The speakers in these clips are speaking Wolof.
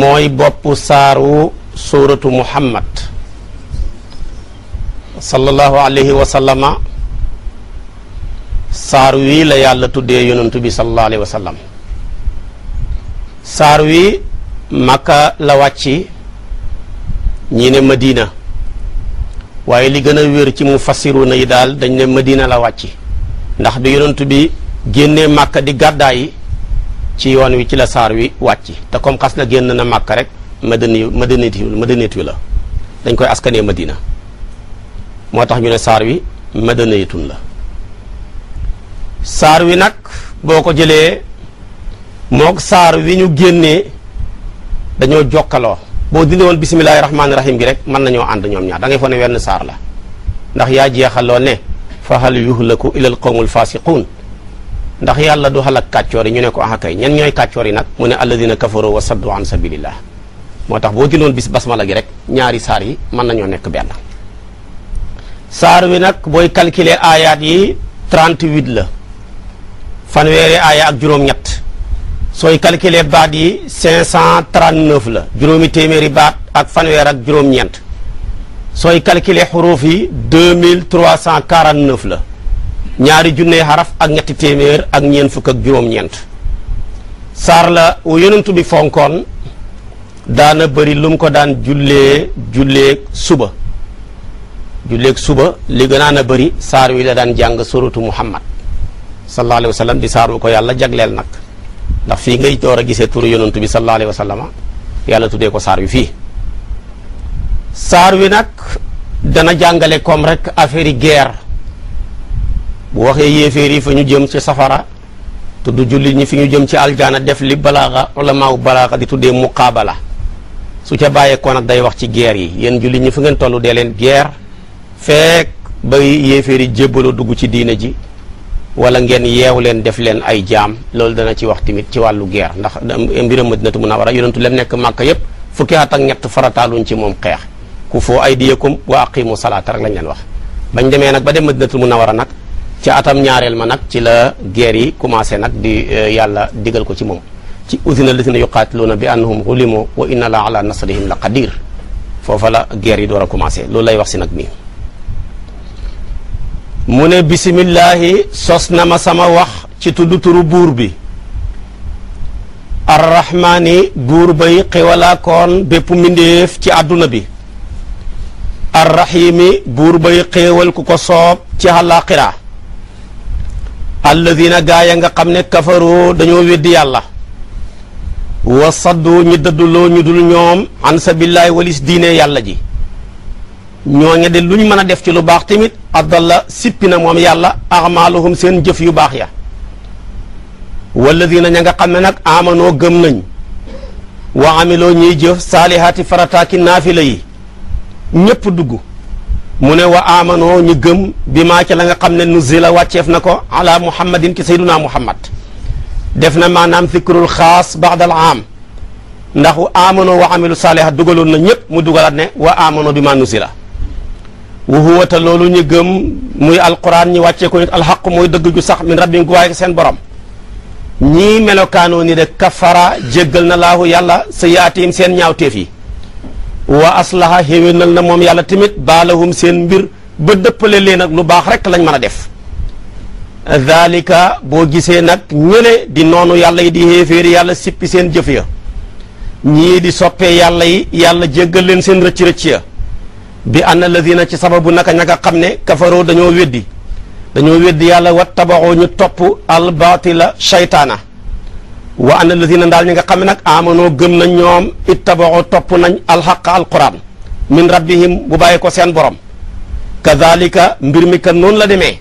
mooy boppu saaru suuratu muhammad sallallahu alayhi wa sallama saar wii la yàlla tuddee yonantu bi sallallahu alayhi wa saar wi makka la wàcci ñi ne madina waaye li gën a wér ci mu fassiruna yi daal dañ ne madina la wàcci ndax bi yonantu bi génnee makka di gàddaa ci yoon wi ci la saar wi wàcc te comme xas na génn na màkk rek madani madanit yu madanit yu la dañ koy askanee madina moo tax ñu ne saar wi madanitun la saar wi nag boo ko jëlee mook saar wi ñu génnee dañoo jokkaloo boo dindi woon bisimilahi rahmaani rahim gi rek mën nañoo ànd ñoom ñaar da ngay ne wenn saar la ndax yaa jeexaloo ne fa hal yuhlaku ila al qawmul fasiqun ndax yàlla du xalak kàccoor yi ñu ne ko ah kay ñan ñooy kàccoor yi nag mu ne alladina kafaru wa saddu an sabilillah moo tax boo jëloon bis basmala gi rek ñaari saar yi mën nañoo nekk benn saar bi nag booy calculer aayaat yi 38 la fanweeri aaya ak juróom-ñett sooy calculer baat yi 539 la juróomi téeméeri baat ak fanweer ak juróom-ñeent sooy calculer xuruuf yi 2349 la ñaari junne xaraf ak ñetti téeméer ak ñeent fukk ak juróom-ñeent saar la wu yonentu bi fonkoon daana bëri lu ko daan jullee julleeg suba julleeg suba li gënaan a bëri saar wi la daan jàng suratu muhammad sallallahu alayhi wa sallam di saar wu ko yàlla jagleel nag ndax fii ngay door a gisee turu yonentu bi sallallahu alayhi wa yàlla tuddee ko saar wi fii saar wi nag dana jàngale comme rek affaire yi guerre bu waxee yéeféer yi fa ñu jëm ci safara tudd jullit ñi fi ñu jëm ci aljaana def li balaaxa ulamaaw balaaxa di tuddee muqaabala su ca bàyyeekoon nag day wax ci guerre yi yéen jullit ñi fu ngeen tollu dee leen guerre feek ba yéeféer yi jébbaloo dugg ci diina ji wala ngeen yeew leen def leen ay jaam loolu dana ci wax tamit ci wàllu geer ndax mbiram madinatu munawara yonentu lem nekk màkka yépp fukki at ak ñett farataaluñ ci moom xeex ku foo aydiyakum wa aqimu salaata rek lañ leen wax bañ demee nag ba dem madinatul munawara nag ci atam ñaareel ma nag ci la guerre yi commencé nag di euh, yàlla digal ko ci moom ci usina lazina yuqaatiluuna bi annahum xulimu wa inna la ala nasrihim la qadir foofa la guerre yi door a commencé loolu lay wax si nag nii ne bisimillahi sos na ma sama wax ci tudd turu buur bi arrahmaani buur bay xéewalaakoon bépp mbindéef ci àdduna bi arrahimi buur bay xéewal ku ko soob ci àllaaxira alladina gaa ya nga xam ne kafaroo dañoo weddi yàlla wa saddu ñi dëdduloo ñu dul ñoom an walis diine yàlla ji ñooñe de luñ mën a def ci lu baax tamit addalla sippi na moom yàlla axmaaluhum seen jëf yu baax ya walladina ña nga xam ne nag amanoo gëm nañ wa amiloo ñuy jëf saalihaati farataaki naafila yi ñépp dugg mu ne wa amano ñu gëm bi maa ca la nga xam ne nuzila wàcceef na ko ala muhammadin ci sayduna muhammad def na maanaam fikrul xaas baadal aam ndax wa amano wa amilu saalihat dugaloon na ñëpp mu dugalaat ne wa amano bi maa nuzila wa huwa te loolu ñu gëm muy alquran ñi wàccee ko nit alxaq mooy dëgg ju sax min rabbin gu waaye seen borom ñii melokaanoo ni de kafara jéggal na laahu yàlla sa seen ñaawteef yi wa aslaha xéwénal na moom yàlla tamit baalahum seen mbir ba dëppale leen ak lu baax rek lañ man a def daalika boo gisee nag ñële di noonu yàlla yi di xéeféeri yàlla sippi seen jëf ya ñii di soppee yàlla yi yàlla jéggal leen seen rëcc-rëcc ya bi anna lazina ci sababu naka ña nga xam ne kafaroo dañoo weddi dañoo weddi yàlla wat tabaxoo ñu topp albaatila shaytaana wa ana alladina daal ñi nga xam ne nag amanoo gëm na ñoom ittabaxoo topp nañ alxaqa alquran min rabbihim bu bàyyi ko seen borom kadalika mbir mi kan noonu la demee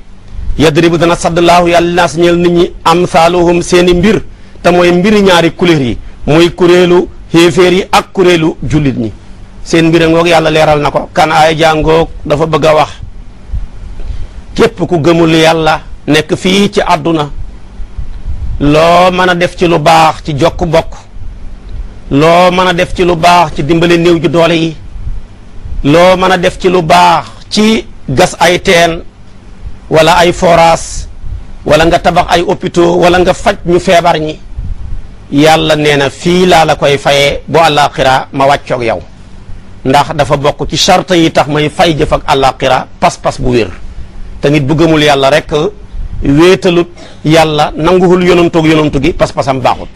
yadribu dana saddlaahu yàlla naas ñeel nit ñi amsaaluhum seeni mbir te mooy mbiri ñaari kuléer yi muy kuréelu xéeféer yi ak kuréelu jullit ñi seen mbir a ngoog yàlla leeral na ko kan aaya jàngoog dafa bëgg a wax képp ku gëmul yàlla nekk fii ci àdduna loo mën a def ci lu baax ci jokk bokk loo mën a def ci lu baax ci dimbali néew ju doole yi loo mën a def ci lu baax ci gas ay teen wala ay foraas wala nga tabax ay hôpitaux walla nga faj ñu feebar ñi yàlla nee na fii laa la koy fayee bu àllaaxira ma wàccoog yow ndax dafa bokk ci charte yi tax may fay jëf ak àllaaxira pas-pas bu wér te nit bu yàlla rek ta yàlla nanguwul yonantoog yonantu gi pas-pasam baaxut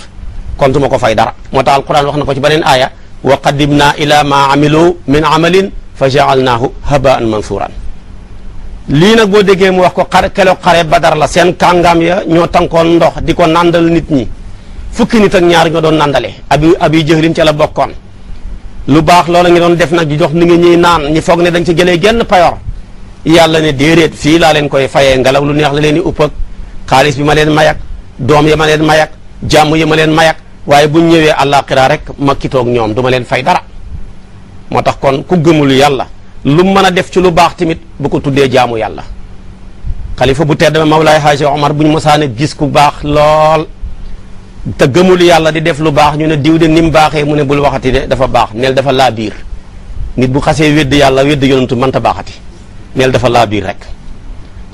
kon du ma ko fay dara moo tax alquran wax na ko ci beneen aaya wa qadimna ila ma amilu min amalin fa jaalnaahu habaan mansuran lii nag boo déggee mu wax ko xare keloog xare badar la seen kàngaam ya ñoo tankoon ndox di ko nàndal nit ñi fukki nit ak ñaar ñoo doon nandale abi abi jëhlin ca la bokkoon lu baax loola ngi doon def nag di jox ni nga ñuy naan ñi foog ne dañ ci jëlee genn payor yàlla ne déeréet fii laa leen koy fayee ngelaw lu neex la leen di upp ak xaalis bi ma leen mayak doom ya ma leen mayak jàmm ya ma leen mayak waaye buñ ñëwee àllaaxira rek ma kitoog ñoom du leen fay dara moo tax kon ku gëmul yàlla lu mën a def ci lu baax tamit bu ko tuddee jaamu yàlla kalifa bu tedd Mawlaay Haaji Omar ma mosaane gis ku baax lool te gëmul yàlla di def lu baax ñu ne diw de ni mu baaxee mu ne bul waxati de dafa baax neel dafa laa biir nit bu xasee wedd yàlla wedd yonantu mënta baaxati neel dafa laa biir rek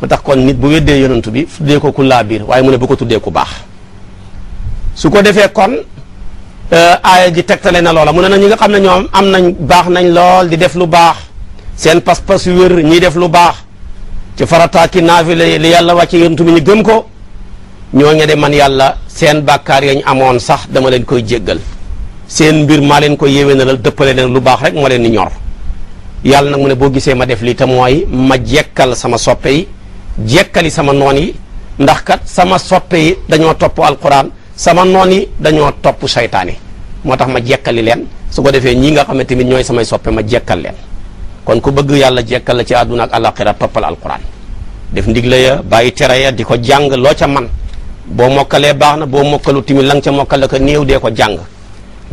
mu tax kon nit bu weddee yonantu bi tuddee ko ku laa biir waaye mu ne bu ko tuddee ku baax su ko defee kon euh, aaya ji tegtale na loola mu ne na ñi nga xam ne ñoom am nañ baax nañ lool di def lu baax seen pas-pas yu wér ñiy def lu baax ci farata ki naafile li yàlla wàcce yonantu bi ñu gëm ko ñoo ñe de man yàlla seen bàkkaar yañ amoon sax dama leen koy jéggal seen mbir maa leen koy yéwénalal dëppale leen lu baax rek moo leen ni ñor yàlla nag mu ne boo gisee ma def lii te mooy ma jekkal sama soppe yi jekkali sama noon yi ndax kat sama soppe yi dañoo topp alquran sama noon yi dañoo topp saytaan moo tax ma jekkali leen su ko defee ñii nga xam ne tamit ñooy samay soppe ma jekkal leen kon ku bëgg yàlla jekkal la ci àdduna ak àllaaxira toppal alquran def ndigla ya bàyyi tere ya di ko jàng loo ca man boo mokkalee baax na boo mokkalu tamit la nga ca mokkal la ko néew dee ko jàng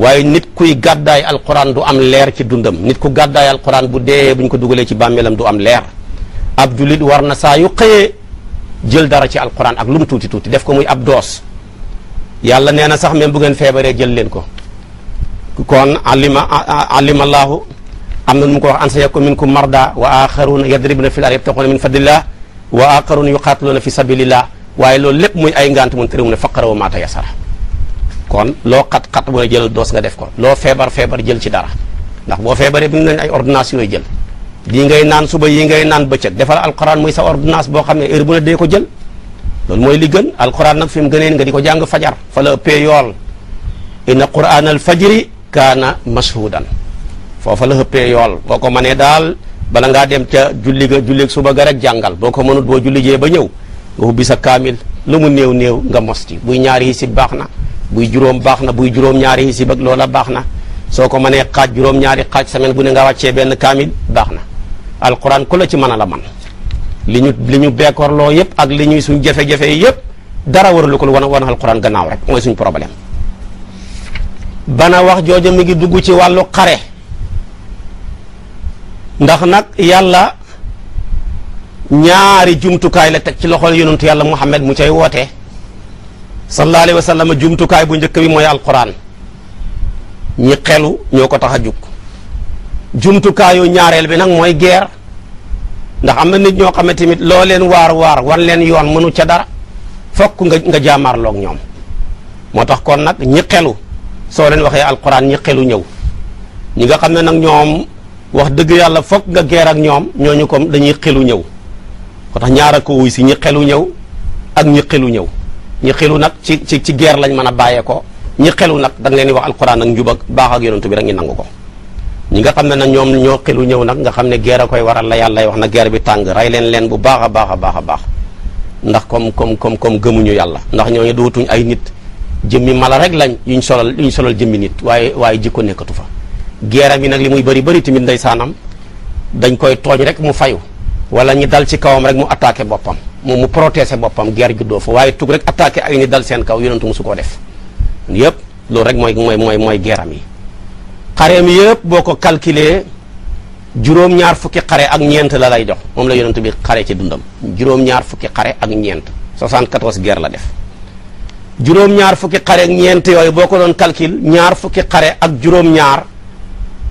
waaye nit kuy gàddaay alquran du am leer ci dundam nit ku gàddaay alquran bu dee bu ñu ko dugalee ci bàmmeelam du am leer ab julit war na saa yu xëyee jël dara ci alquran ak lu mu tuuti tuuti def ko muy ab doos yàlla nee na sax même bu ngeen feebaree jël leen ko kon alima alima allahu am na nu mu ko wax an sayakunu minkum marda wa axaruna yadribna fil ardi yabtaxuna min fadlillah wa axaruna yuqatiluna fi sabilillah waaye loolu lépp muy ay ngant mun tërému ne faqara wa maata yasara kon loo xat-xat booy jël doos nga def ko loo feebar feebar jël ci dara ndax boo feebaree bi nañ ay ordonnance yooyu jël dii nga naan suba yi ngay naan bëccëg defal alquran muy sa ordonnance boo xam ne heure bu ne dee ko jël loolu mooy li gën alquran nag fi mu gëneen nga di ko jàng fajar fa la ëppee yool inna quran al fajri kaana mashhudan foofa la ëppee yool boo ko mënee daal bala ngaa dem ca julli ga julli suba ga rek jàngal boo ko mënut boo julli ba ñëw ubbi sa kaamil lu mu néew néew nga mos ci buy ñaari baax na buy juróom baax na buy juróom-ñaari hisib ak a baax na soo ko mënee xaaj juróom-ñaari xaaj semaine bu ne nga wàccee benn kaamil baax na alquran ku la ci mën a la man li ñu li ñu beekorloo yëpp ak li ñuy suñ jafe-jafe yëpp dara waralu ko lu wan al alquran gannaaw rek mooy suñ problème bana wax jooja mi ngi dugg ci wàllu xare ndax nag yàlla ñaari jumtukaay la teg ci loxol yonentu yàlla mu Muhammad mu cay wootee sallallahu alayhi wa sallam jumtukaay bu njëkk bi mooy alquran ñi xelu ñoo ko tax a jug jumtukaayu ñaareel bi nag mooy guerre ndax am na nit ñoo xam ne tamit loo leen waar waar wan leen yoon mënu ca dara fokk nga nga jaamaarloog ñoom moo tax kon nag ñi xelu soo leen waxee alquran ñi xelu ñëw ñi nga xam ne nag ñoom wax dëgg yàlla fokk nga geer ak ñoom ñooñu ko dañuy xelu ñëw moo tax ñaar a ko wuy si ñi xelu ñëw ak ñi xelu ñëw ñi xelu nag ci ci ci guerre lañ mën a bàyyee ko ñi xelu nag da leen di wax alquran ak njub ak baax ak yonentu bi rek ñu nangu ko ñi nga xam ne nag ñoom ñoo xelu ñëw nag nga xam ne geer a koy waral la yàlla wax na guerre bi tàng rey leen leen bu baax a baax a baax a baax ndax comme comme comme comme gëmuñu yàlla ndax ñooñu dootuñ ay nit jëmmi mala rek lañ yuñ solal yuñ solal jëmmi nit waaye waaye jikko nekkatu fa guerre yi nag li muy bëri bëri tamit saanam dañ koy tooñ rek mu fayu wala ñi dal ci kawam rek mu attaqué boppam moom mu protéger boppam guerre juddoo fa waaye tug rek attaqué ay ni dal seen kaw yonentu musu koo def yëpp loolu rek mooy mooy mooy mooy guerre am yi xareem yëpp boo ko calculé juróom-ñaar fukki xare ak ñeent la lay jox moom la yonentu bi xare ci dundam juróom-ñaar fukki xare ak ñeent 74 guerre la def juróom-ñaar fukki xare ak ñeent yooyu boo ko doon calcul ñaar fukki xare ak juróom-ñaar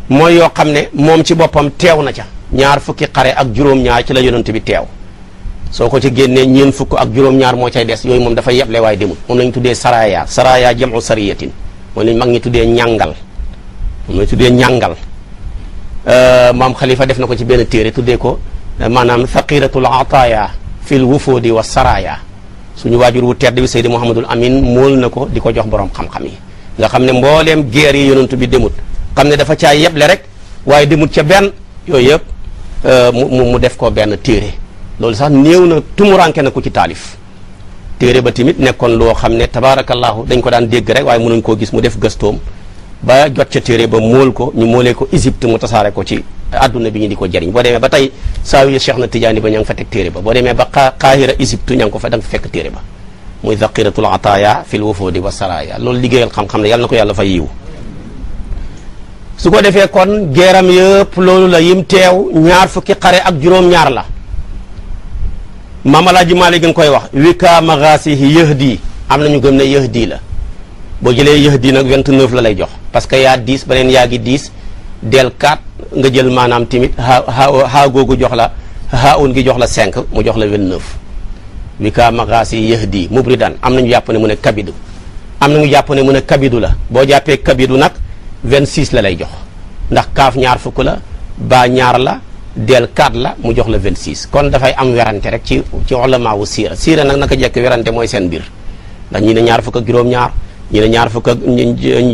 mooy yoo xam ne moom si boppam teew na ca ñaar fukki xare ak juróom-ñaar ci la yonent bi teew soo ko ci génnee ñeent fukk ak juróom-ñaar moo cay des yooyu moom dafa yeble waaye demul moom lañ tuddee saraya saraya jamu sariyatin moom lañ mag ñi tuddee ñangal moom lañ tuddee ñàngal euh, maam xalifa def na ko ci benn téere tuddee ko euh, maanaam thaqiratul ataaya fil wufoodi wa saraya suñu waajur wu teer tedd bi Seydi Mouhamadul Amin mool na ko di ko jox boroom xam-xam yi nga xam ne mbooleem guerre yi yonantu bi demut xam ne dafa caa yeble rek waaye demut ca benn yooyu yëpp euh, mu def ko benn téere loolu sax new na tumuranke na ku ci taalif téere ba tamit nekkoon loo xam ne tabaarakallaahu dañ ko daan dégg rek waaye mënuñ koo gis mu def gëstoom ba jot ca téere ba mool ko ñu moolee ko Égypte mu tasaare ko ci adduna bi ñu di ko jëriñ boo demee ba tey saawiya Cheikh na Tijaani ba ña ngi fa teg téere ba boo demee ba Qaahira Égypte ña ko fa da nga fekk téere ba muy zaqiratul ataaya fil wufuudi wa saraaya loolu liggéeyal xam-xam ne yàlla na ko yàlla fa yiw su ko defee kon geeram yëpp loolu la yim teew ñaar fukki xare ak juróom-ñaar la maam alaaji Maalik gën koy wax wi kaa magaasihi dii am na ñu gëm ne dii la boo jëlee dii nag 29 la lay jox parce que yaa 10 beneen yaa gi 10 del 4 nga jël maanaam tamit aa aa googu jox la aa un gi jox la cinq mu jox la 29 wi kaa magaasihi yëhdi mubridan am nañu jàpp ne mu ne kabidu am na ñu jàpp ne mu ne kabidu la boo jàppee kabidu nag 26 la lay jox ndax kaaf ñaar fukk la baa ñaar la del 4 la mu jox la 26 kon dafay am werante rek ci ci ulama wu siira siira nag naka jekk werante mooy seen biir ndax ñi ne ñaar fukk ak juróom-ñaar ñi ne ñaar fukk ak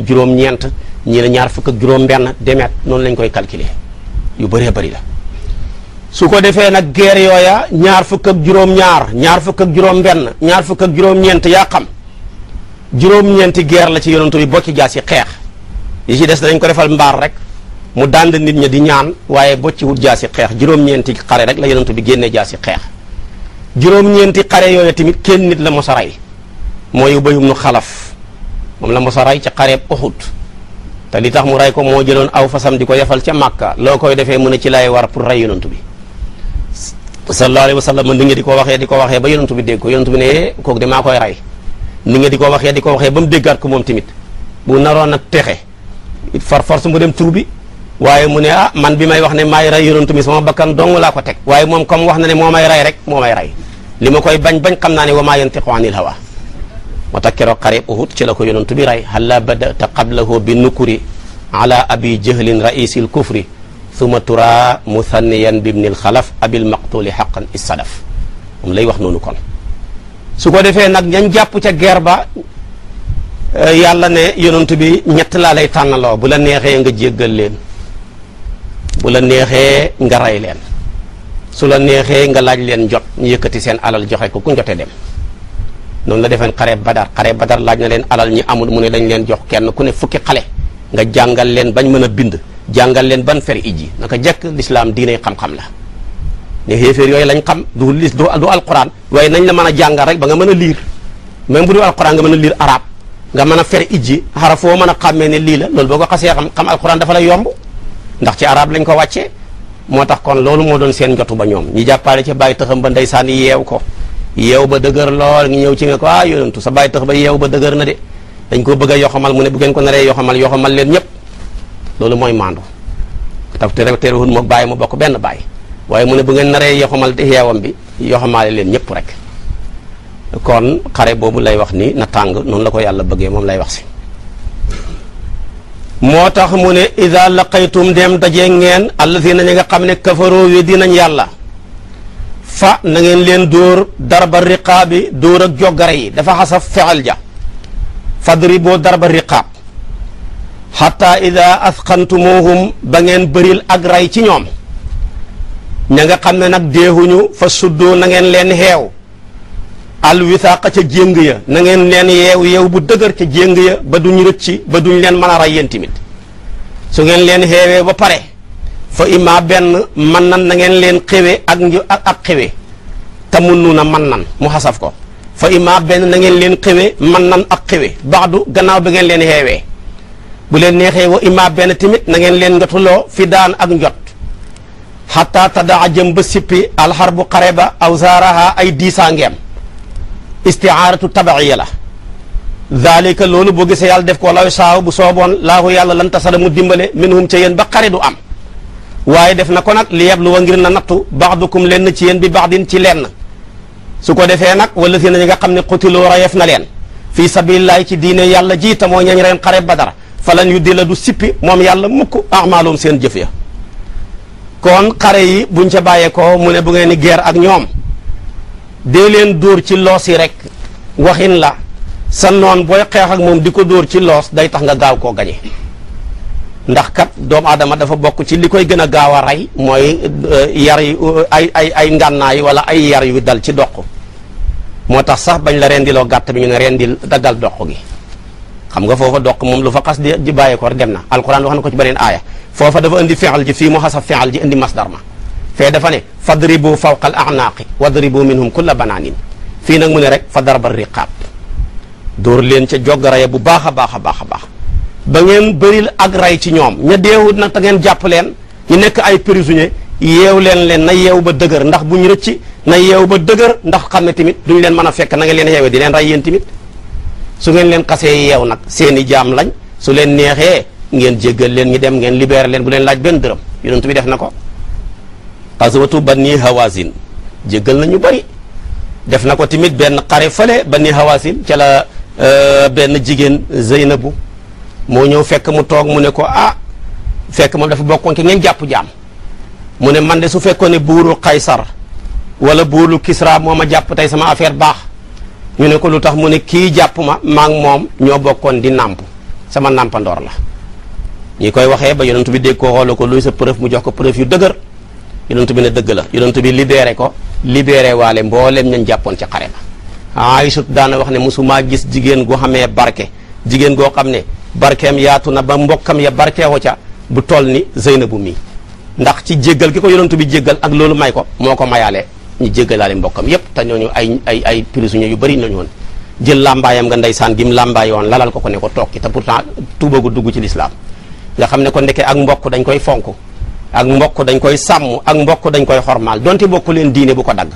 juróom-ñeent ñaar fukk ak juróom-benn demeet noonu lañ koy calculer yu bëree bëri la su ko defee nag guerre yooya ñaar fukk juróom-ñaar fukk ak juróom-benn ñaar fukk ak juróom-ñeent yaa xam juróom-ñeenti guerre la ci yonent bi bokki jaar yi xeex yi ci des dañ ko defal mbaar rek mu dànd nit ña di ñaan waaye boo ci wut jaasi xeex juróom-ñeenti xare rek la yonent bi génnee jaasi xeex juróom-ñeenti xare yooyu tamit kenn nit la mos a rey mooy Ubay ibnu Xalaf moom la mos a rey ca xareeb Uhud te li tax mu rey ko moo jëloon aw fasam di ko yefal ca Màkka loo koy defee mën a ci lay war pour rey yonent bi sallallahu alayhi wa sallam ni nga di ko waxee di ko waxee ba yonent bi dégg ko yonent bi ne kook de maa koy rey ni nga di ko waxee di ko waxee ba mu déggaat ko moom tamit bu naroon a texe it far force mu dem tur bi waaye mu ne ah man bi may wax ne maay rey yonantu mi sama bakkan dong laa ko teg waaye moom comme wax na ne moo may rey rek moo may rey li ma koy bañ bañ xam naa ne ma maa yantiqu anil hawa moo tax keroog xare Uhud ci la ko yonantu bi rey halla badata qablahu bi nukuri ala abi jahlin raisil kufri summa tura musanniyan bibnil xalaf abil maqtuli xaqan issadaf moom lay wax noonu kon su ko defee nag ñañ jàpp ca guerre ba eh, yàlla ne yonantu bi ñett laa lay bu la neexee nga jéggal leen bu la neexee nga rey leen su la neexee nga laaj leen jot ñu yëkkati seen alal joxe ko ku njote dem noonu la defeen xare badar xare badar laaj na leen alal ñi amul mu ne lañ leen jox kenn ku ne fukki xale nga jàngal leen bañ mën a bind jàngal leen ban fer ijji naka jekk lislaam diinay xam-xam la ne xéeféer yooyu lañ xam du lis du alquran waaye nañ la mën a jàngal rek ba nga mën a liir même bu dul alquran nga mën a liir arab nga mën a fer ijji xara foo mën a xàmmee ne lii la lool boo ko xasee xam xam alquran dafa lay yomb ndax ci arab lañ ko wàccee moo tax kon loolu moo doon seen njotu ba ñoom ñi jàppaale ca bàyyi tëxam ba ndeysaan yeew ko yeew ba dëgër lool ngi ñëw ci nga ko ah yonentu sa baay tëx ba yeew ba dëgër na de dañ ko bëgg a yoxamal mu ne bu ko naree yoxamal yoxamal leen ñëpp loolu mooy maandu taf terewul moog bàyyi mu bokk benn bàyyi waaye mu ne ngeen naree yoxamal yeewam bi yoxamaale leen ñëpp rek kon xare boobu lay wax ni na tàng noonu la ko yàlla bëggee moom lay wax si moo tax mu ne ida laqaytum dem daje ngeen allazina ñi nga xam ne kafaroo we dinañ yàlla fa na ngeen leen dóor darba riqaabi dóor ak jogare yi dafa xasaf fexel ja fadriboo darba riqaab xataa ida asqantumuhum ba ngeen bëril ak ray ci ñoom ña xam ne nag deexuñu fa suddoo na ngeen leen xeew al wisaaqa ca jéng ya na ngeen leen yeew yeew bu dëgër ca jéng ya ba duñ rëcci ba duñ leen mën a rey yéen tamit su ngeen leen xeewee ba pare fa imma benn man nan na ngeen leen xewe ak nju ak ak xewe te mun nuun a mu xasaf ko fa imma benn na ngeen leen xewe man nan ak xewe baxdu gannaaw ba ngeen leen xeewee bu leen neexee wa imma benn tamit na ngeen leen njotuloo fi daan ak njot xataa tadaa jëm ba sippi alxar bu xare ba aw saaraha ay diisaangeem istiaaratu tabaiya la daalika loolu boo gisee yàlla def ko saaw bu sooboon laahu yàlla lan tasara mu dimbale minhum ca yéen ba xare du am waaye def na ko nag li wa ngir na nattu baadukum lenn ci yéen bi baadin ci leen na su ko defe nag wala si na ñi nga xam ne xutiloo rayef na leen fii sabilillahi ci diine yàlla ji te moo ñañ reen xare badara falan yu di du sippi moom yàlla mukk amaalum seen jëf ya kon xare yi buñ ca bàyyeekoo mu ne bu ngeen ni guerre ak ñoom dee leen dóor ci loos yi rek waxin la sa noon booy xeex moom di ko dóor ci loos day tax nga gaaw koo gañe ndax kat doom aadama dafa bokk ci li koy gën a gaaw a rey mooy euh, yar yu ay ay ay ngànnaay wala ay yar yu dal ci doq moo tax sax bañ la rendiloo gàtt bi ñu ne rendil daggal doq gi xam nga foofa doq moom lu fa xas di bàyyeekoo dem na alquran wax na ko ci beneen aaya foofa dafa indi fexal ji fii mu xasaf fexal ji indi masdar ma fee dafa ne fadribu fawqa al a'naaqi wadribu minhum kulla banaanin fii nag mu ne rek fa darba riqaab dóor leen ca joggaraya bu baax a baax a baax a baax ba ngeen bëril ak ray ci ñoom ña deewut nag ta ngeen jàpp leen ñu nekk ay prisonnier yeew leen leen na yeew ba dëgër ndax bu ñu rëcc na yeew ba dëgër ndax xam ne tamit duñu leen mën a fekk na ngeen leen yeewee di leen ray yéen tamit su ngeen leen xasee yeew nag seeni jaam lañ su leen neexee ngeen jéggal leen ñi dem ngeen libéré leen bu leen laaj benn dërëm yonent bi def na ko xaswatu bani hawasin jéggal nañu bari def na ko tamit benn xare fale bani hawasin ca la euh, benn jigéen zeynabu moo ñëw fekk mu toog mu ne ko ah fekk moom dafa bokkoon ki ngeen jàpp jaam mu ne man de su fekkoon ne buuru Qaysar walla buuru Kisra moo ma jàpp tey sama affaire baax ñu ne ko lu tax mu ne kii jàpp ma maa moom ñoo bokkoon di nàmp sama nàmpandoor la ñi koy waxee ba yonent bi dégg ko xoola ko luy sa preuve mu jox ko preuve yu dëgër yonent bi ne dëgg la yonent bi libéré ko libéré waale mbooleem ñañ jàppoon ci xare ba Aysatu daana wax ne mosumaa gis jigéen gu xamee barke jigéen goo xam ne barkeem yaatu na ba mbokkam ya barkeewu ca bu toll ni Zeynabu mii ndax ci jéggal gi ko yonent bi jéggal ak loolu may ko moo ko mayaale ñu jéggalaale mbokkam yépp te ñooñu ay ay ay prisonniers yu bëri nañu woon jël lambaayam nga ndeysaan gim làmbaay woon lalal ko ko ne ko toog ci te pourtant tuuba gu dugg ci lislaam nga xam ne ko ndekkee ak mbokk dañ koy fonk ak mbokk dañ koy sàmm ak mbokk dañ koy xormaal donte bokku leen diine bu ko dagg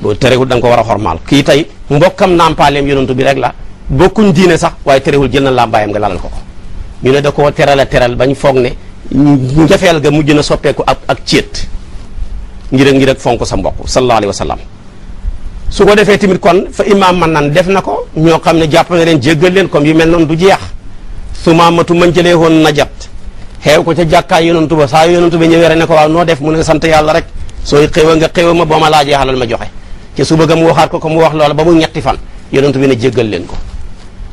boo terewul da ko war a xormaal kii tey mbokkam nàmpaaleem yonantu bi rek la bokkuñ diine sax waaye terewul jël na làmbaayam nga lalal ko ko ñu ne da koo teral a teral bañ foog ne njafeel ga mujj na soppeeku ak ak céet ngir ak ngir ak fonk sa mbokk sallallahu alayhi wa sallam su ko defee tamit kon fa imaam man nan def na ko ñoo xam ne jàpp na leen jéggal leen comme mel noonu du jeex su maamatu man jëlee woon najat xeew ko ca jàkkaay yonantu ba saa yonantu ba ñëwee rek ne ko waaw noo def mu ne sant yàlla rek sooy xéwa nga xéwa ma boo ma laajee xalal ma joxe ci suba ga mu waxaat ko ko mu wax loola ba mu ñetti fan yonantu bi ne jéggal leen ko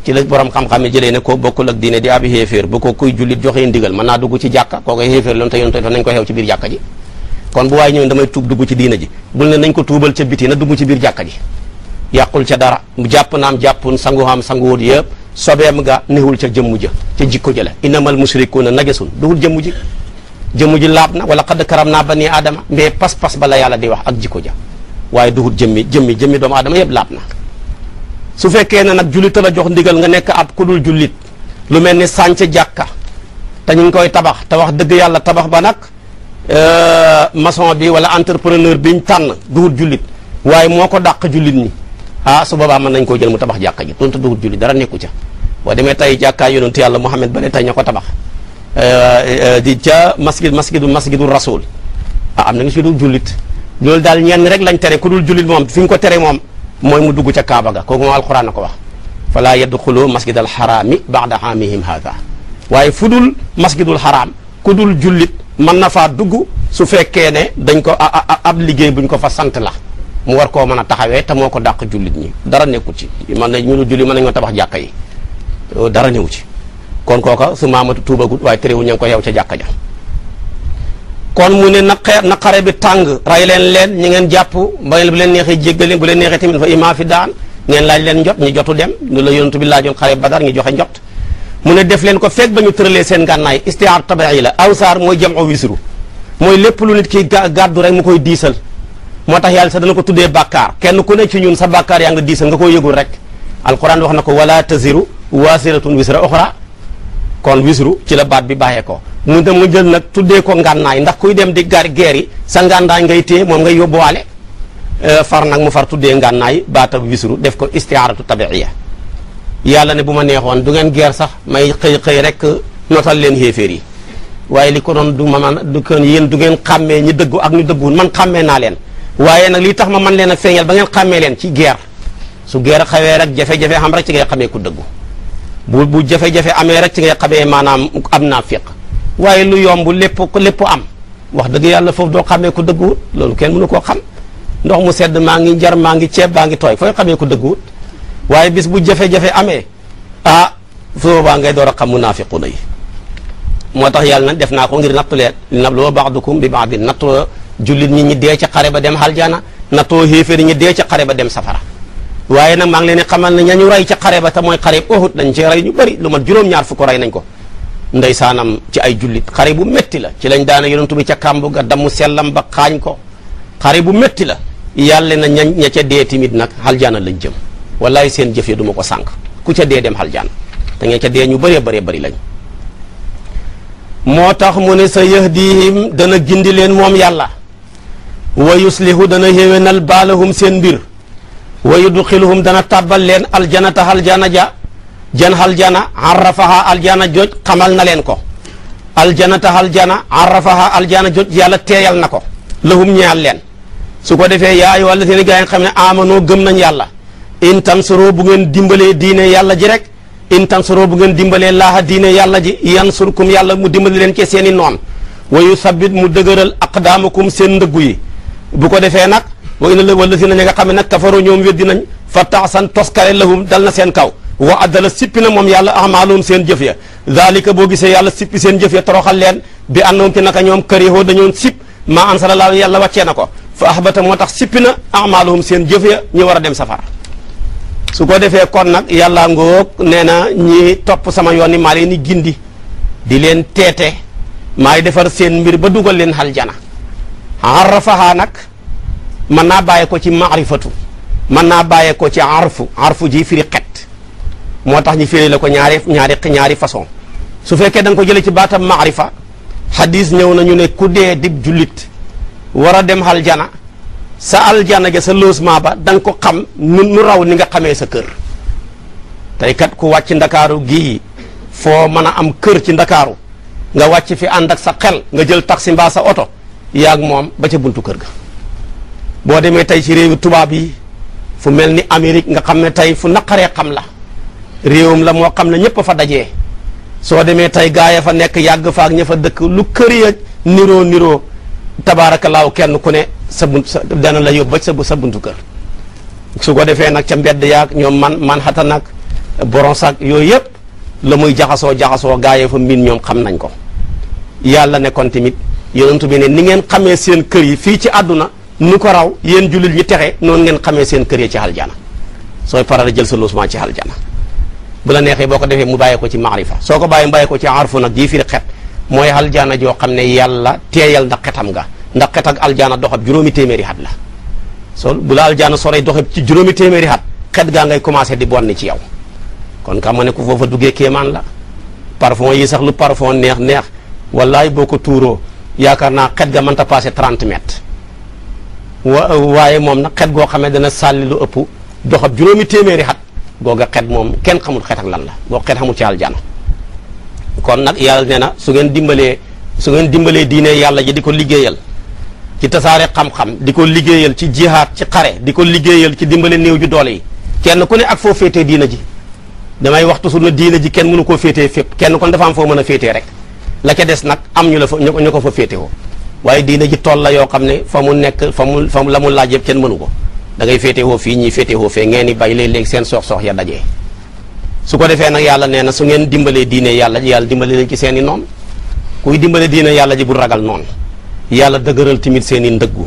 ci la borom xam-xam jëlee ne koo bokkul ak diine di ab xéeféer bu ko kuy jullit joxee ndigal mën naa dugg ci jàkka koo koy xéeféer loonu te ji kon bu waay ñëwee damay tuub dugg ci diine ji bul ne nañ ko tuubal ca biti na dugg ci biir jàkka ji yàqul ca dara jàpp naam jàppun sanguwaam sanguwut yëpp sobeem nga newul ca jëmmu ja ca jikko ja la innamal musrikuuna najasun duhul jëmmu ji jëmmu ji laab na wala xad karam naa bani aadama mais pas-pas ba la yàlla di wax ak jikko ja waaye duhul jëmmi jëmmi jëmmi doomu aadama yëpp laab na su fekkee ne nag jullit la jox ndigal nga nekk ab ku dul lu mel ni sànc jàkka te ñu ngi koy tabax te wax dëgg yàlla tabax ba nag euh, maçon bi wala entrepreneur biñ tànn duhul jullit waaye moo ko dàq jullit ñi ah su boobaa mën nañ koo jël mu tabax jàkka ji tontu dugul julli dara nekku ca boo demee tay jàkkaay yonentu yàlla Muhammad ba ne tay ña ko tabax eh, eh, di ca masjid masjidu masjidu rasul ah am na nga si dul jullit loolu daal ñenn rek lañ tere ku dul jullit moom fi ñu ko tere moom mooy mu dugg ca kaaba ga kooku moom alquran na ko wax fala yadxulu masjid al xaraami baada aamihim haada waaye fu dul masjidul xaraam ku dul jullit man na faa dugg su fekkee ne dañ ko ab liggéey buñ ko fa sant la mu war koo mën a taxawee te moo ko dàq jullit ñi dara nekku ci man na ñu julli mën nañoo tabax jàkka yi euh, dara newu ci kon kooka su maamatu tuubagut waaye terewul ña ngi ko yeew ca jàkka ja kon mu ne naqe naqare bi tàng ray leen leen ñi ngeen jàpp ba bu leen neexee jéggale bu leen neexee tamit fa imaa fi daan ngeen laaj leen njot ñi jotu dem ñu la yonentu bi laajoon xare badar ñi joxe njot mu ne def leen ko fekk ba ñu tëralee seen gànnaay istiaar tabai la saar mooy jam o wisru mooy lépp lu nit ki gàddu rek mu koy diisal moo tax yàlla sa dana ko tuddee bàkkaar kenn ku ne ci ñun sa bàkkaar yaa nga diisa nga ko yëgul rek alquran wax na ko wala taziru waasiratun wisra oxra kon wisru ci la baat bi bàyyee ko mu dem mu jël nag tuddee ko ngànnaay ndax kuy dem di gari guerre yi sa ngànnaay ngay téye moom ngay yóbbuwaale euh, far nag mu far tuddee ngànnaay baatab wisru def ko istiaaratu tabiiya yàlla ne bu ma neexoon du ngeen geer sax may xëy xëy rek notal leen xéeféer yi waaye li ko du ma man du yéen du ngeen xàmmee ñi dëggu ak ñu dëgguwul man xàmmee naa leen waaye nag li tax ma man leen a feeñal ba ngeen xàmmee leen ci guerre su guerre xawee rek jafe-jafe xam rek ci ngay xamee ku dëggu bu bu jafe amee rek ci ngay xamee maanaam am naa fiq waaye lu yomb lépp lépp am wax dëgg yàlla foofu doo xamee ku dëgguwut loolu kenn mënu ko xam ndox mu sedd maa ngi jar maa ngi ceeb baa ngi tooy fooy xamee ku dëgguwut waaye bis bu jafe-jafe amee ah boobaa ngay door a xam munaafiquna yi moo tax yàlla na def naa ko ngir nattu leen li nabluwa ba'dakum bi jullit ñi ñi dee ci xare ba dem aljana natoo xéeféer ñi dee ci xare ba dem safara waaye nag maa ngi leen di xamal ne ñañu rey ci xare ba te mooy xare Uhud dañ cee rey ñu bëri lu mat juróom-ñaar fukk rey nañ ko ndeysaanam ci ay jullit xare bu métti la ci lañ daana yonentu bi ca kàmbu ga damu sellam ba xaañ ko xare bu métti la yàlla na ña ña ca dee tamit nag aljana lañ jëm wallaay seen jëf duma ko sànq ku ca dee dem aljana da ngeen ca dee ñu bëree bëree bëri lañ moo tax mu sa yahdihim dana gindi leen moom yàlla wa yuslihu dana xéwénal baalahum seen mbir wa yudxiluhum dana tàbbal leen aljanata aljana ja jan aljana arrafaha aljana joj xamal na leen ko aljanata aljana arrafaha aljana joj yàlla teeyal na ko lahum ñaal leen su ko defee yaa ayyuha allazina gaa yi xam ne amanoo gëm nañ yàlla in tansuro bu ngeen dimbalee diine yàlla ji rek in tansuro bu ngeen dimbalee laaha diine yàlla ji yansurkum yàlla mu dimbali leen ci seeni i noon wa yusabbit mu dëgëral aqdaamakum seen ndëggu yi bu ko defee nag wa ina la wala si na ña nga xam ne nag kafaru ñoom weddi nañ fa taasan toskare lahum dal na seen kaw wa addala sippi na moom yàlla amaaluum seen jëf ya zalika boo gisee yàlla sippi seen jëf ya toroxal leen bi annahum ci naka ñoom karihoo dañoon sipp maa ansalalaa yàlla wàccee na ko fa ahbata moo tax sippi na amaaluhum seen jëf ya ñu war a dem safara su ko defee kon nag yàlla ngoog nee na ñi topp sama yoon ni maa leen ni gindi di leen teete maay defar seen mbir ba dugal leen aljana arrafahaa nag mën naa bàyyee ko ci maarifatu mën naa bàyyee ko ci arfu arfu ji firi xet moo tax ñu firi la ko ñaari ñaari ñaari façon su fekkee da ko jëlee ci baatam maarifa xadis ñëw nañu ne ku dee dib jullit war a dem aljana sa aljana ga sa logement ba da ko xam nu nu raw ni nga xamee sa kër tey kat ku wàcc ndakaaru gii foo mën a am kër ci ndakaaru nga wàcc fi ànd ak sa xel nga jël taxi mbaa sa oto yaag moom ba ca buntu kër ga boo demee tey ci réewi tubaab yi fu mel ni Amérique nga xam ne tey fu naqaree xam la réewam la moo xam ne ñëpp fa dajee soo demee tey gaa ya fa nekk yàgg fa ak ña dëkk lu kër ya niroo niroo tabaarakallaahu kenn ku ne sa la yóbbu sa buntu kër su ko defee nag ca mbedd yaag ñoom man Manhattan nag Bronx ak yooyu yëpp la muy jaxasoo jaxasoo gaa ya fa miin ñoom xam nañ ko yàlla nekkoon tamit yonent bi ne ni ngeen xamee seen kër yi fii ci àdduna nu ko raw yéen jullit ñi texe noonu ngeen xamee seen kër yi ci aljana sooy faral jël sa logement ci aljana bu la neexee boo ko defee mu bàyyi ko ci maarifa soo ko bàyyi mu ko ci arfu nag jii xet mooy aljana joo xam ne yàlla teeyal ndax nga ndax xet ak aljana doxab juróomi téeméeri at la so bu la aljana soree doxab ci juróomi téeméeri at xet gaa ngay commencé di bonni ci yow kon xam ma ne ku foofa duggee kéemaan la parfum yi sax lu parfum neex neex wallaay boo ko tuuroo yaakaar naa xet ga mënta passé 30 mètres wa waaye moom na xet goo xam ne dana sàlli lu ëpp doxab juróomi téeméeri xat googa xet moom kenn xamul xet ak lan la boo xet xamul ci aljana kon nag yàlla nee na su ngeen dimbalee su ngeen dimbalee diine yàlla ji di ko liggéeyal ci tasaare xam-xam di ko liggéeyal ci jihaat ci xare di ko liggéeyal ci dimbale néew ju doole yi kenn ku ne ak foo féetee diina ji damay waxtu su na diina ji kenn mënu koo féetee fépp kenn kon dafa am foo mën a féetee rek la ca des nag am ñu la fa ñu ko fa féetewoo waaye diina ji tool la yoo xam ne fa mu nekk fa mu fa la mu laaj yëpp kenn mënu ko dangay ngay féetewoo fii ñii féetewoo fee ngeen di bay léeg-léeg seen soox-soox ya dajee su ko defee nag yàlla nee na su ngeen dimbalee diine yàlla ji yàlla dimbale leen ci seeni noon kuy dimbale diine yàlla ji bu ragal noon yàlla dëgëral timit seen i ndëggu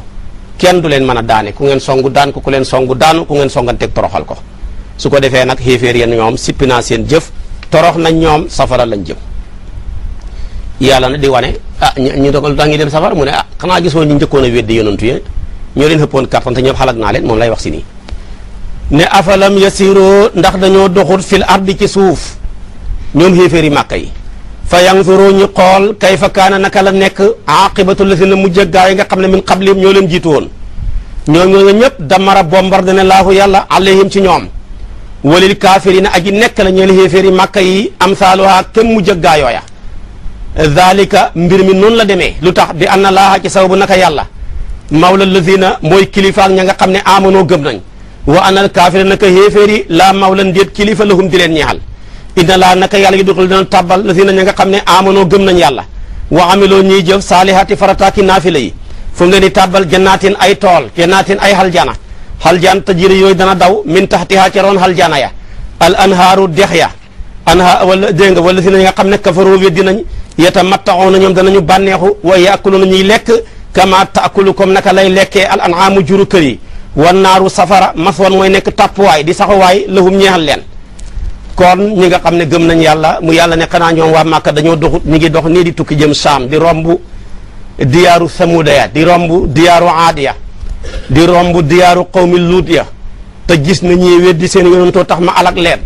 kenn du leen mën a daane ku ngeen songu daan ko ku leen songu daanu ku ngeen songanteeg toroxal ko su ko defee nag xéeféer yeen ñoom sippi naa seen jëf torox nañ ñoom safara lañ jëm yàlla na di wane ah ñu dogal tax ngi dem safar mu ne a ah, xanaa gisoon ñu njëkkoon a weddi yonantu ye ñoo leen xëppoon kattan te ñoom xalak naa leen moom lay wax si ne afalam yasiro ndax dañoo doxut fil ardi ci suuf ñoom xéeféeri màkka yi fa yanzuru ñu xool kayfa kaana naka la nekk aqibatu lazina mujj gaa yi nga xam ne min qablihim ñoo leen jiitu woon ñoo ñoo ñëpp damara bombardé na laahu yàlla alayhim ci ñoom walil kaafirina aji nekk la ñeel xéeféeri màkka yi amsaaluha kenn mujj gaa yooya dhalika mbir mi noonu la demee lu tax bi anna la ci sababu naka yàlla mawla lazina mooy kilifaak ña nga xam ne amanoo gëm nañ wa anal kaafira naka xéeféer yi laa mawla ndéet kilifa lahum di leen ñeexal inna laa naka yalla yi duxal dina tàbbal lazina ña nga xam ne amanoo gëm nañ yàlla wa amiloo ñiy jëf saalihaati farataaki naafila yi fu mu leen di tàbbal jannaatin ay tool jannaatin ay xaljana xaljaan tajiri yooy dana daw min taxtihaa ca roon xaljana ya al anhaaru dex ya anha wala dégg xam ne kafaroo na ñoom danañu bànneexu wa na ñuy lekk kama taakulu comme naka lay lekkee al anaamu juru kër yi wan naaru safara maswan mooy nekk tàppuwaay di saxuwaay lahum ñeexal leen kon ñi nga xam ne gëm nañ yàlla mu yàlla ne xanaa ñoom waa Màkka dañoo doxut ñi ngi dox nii di tukki jëm saam di romb diyaaru samuda ya di romb diyaaru aad ya di romb diyaaru qawmi luut ya te gis na ñi weddi seen yonentoo tax ma alak leen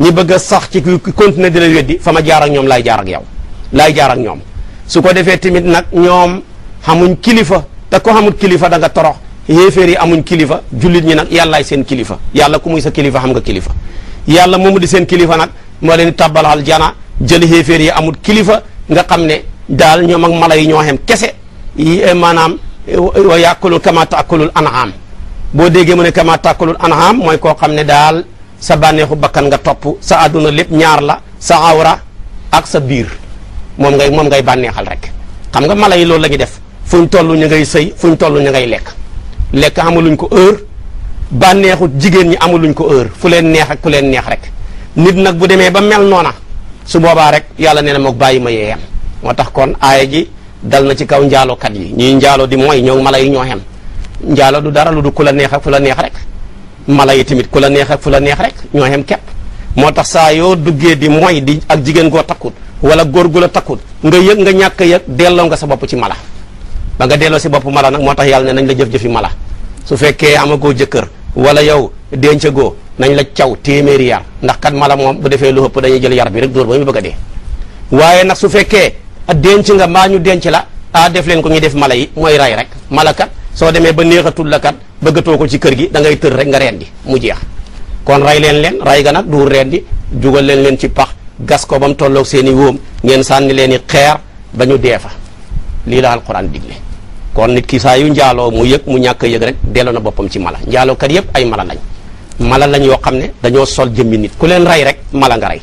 ñi bëgg a sax ci ku continuer di la weddi fa ma jaar ak ñoom laay jaar ak yow laay jaar ak ñoom su ko defee tamit nag ñoom xamuñ kilifa te ko xamul kilifa da nga torox yéeféer yi amuñ kilifa jullit ñi nag yàllaay seen kilifa yàlla ku muy sa kilifa xam nga kilifa yàlla moomu di seen kilifa nag moo leen tàbbal aljana jël yéeféer yi amul kilifa nga xam ne daal ñoom ak mala yi ñoo kese eh, maanaam eh, wa yàkkulul kama tàkkulul an'am boo déggee mu ne kama tàkkulul an'am mooy koo xam ne daal sa bànneexu bakkan nga topp sa àdduna lépp ñaar la sa awra ak sa biir moom ngay moom ngay bànneexal rek xam nga mala yi loolu la def fu ñu toll ñu ngay sëy fu ñu toll ñu ngay lekk lekk amul amaluñ ko heure bànneexut jigéen ñi amul amaluñ ko heure fu leen neex ak ku leen neex rek nit nag bu demee ba mel noona su boobaa rek yàlla nee na mook bàyyi ma yeeyam moo tax kon aaya ji dal na ci kaw njaalokat yi ñuy njaalo di mooy ñoo mala yi ñoo xem njaalo du dara lu du ku la neex ak fu la neex rek mala yi tamit ku la neex ak la neex rek ñoo xem képp moo tax saa yoo duggee di mooy di ak jigéen goo takkut wala góor gu la takkul nga yëg nga ñàkk yëg delloo nga sa bopp ci mala ba nga delloo si bopp mala nag moo tax yàlla ne nañ la jëf-jëfi mala su fekkee amagoo jëkkër wala yow dencagoo nañ la caw téeméeri yar ndax kat mala moom bu defee lu ëpp dañuy jël yar bi rek dóor ba mu bëgg waaye nag su fekkee denc nga mbaa ñu denc la a def leen ko ñu def mala yi mooy ray rek mala kat soo demee ba neexatul la kat bëggatoo ko ci kër gi da ngay tër rek nga rendi mu jeex kon ray leen leen ray ga nag duur rendi jugal leen leen ci pax gas ko ba mu tolloog seen i wóom ngeen sànni leen i xeer ba ñu dee fa lii la alquran digle kon nit kii saa yu njaaloo mu yëg mu ñàkk a yëg rek delloo na boppam ci mala njaalookat yëpp ay mala lañ mala lañ yoo xam ne dañoo sol jëmmi nit ku leen rey rek mala nga rey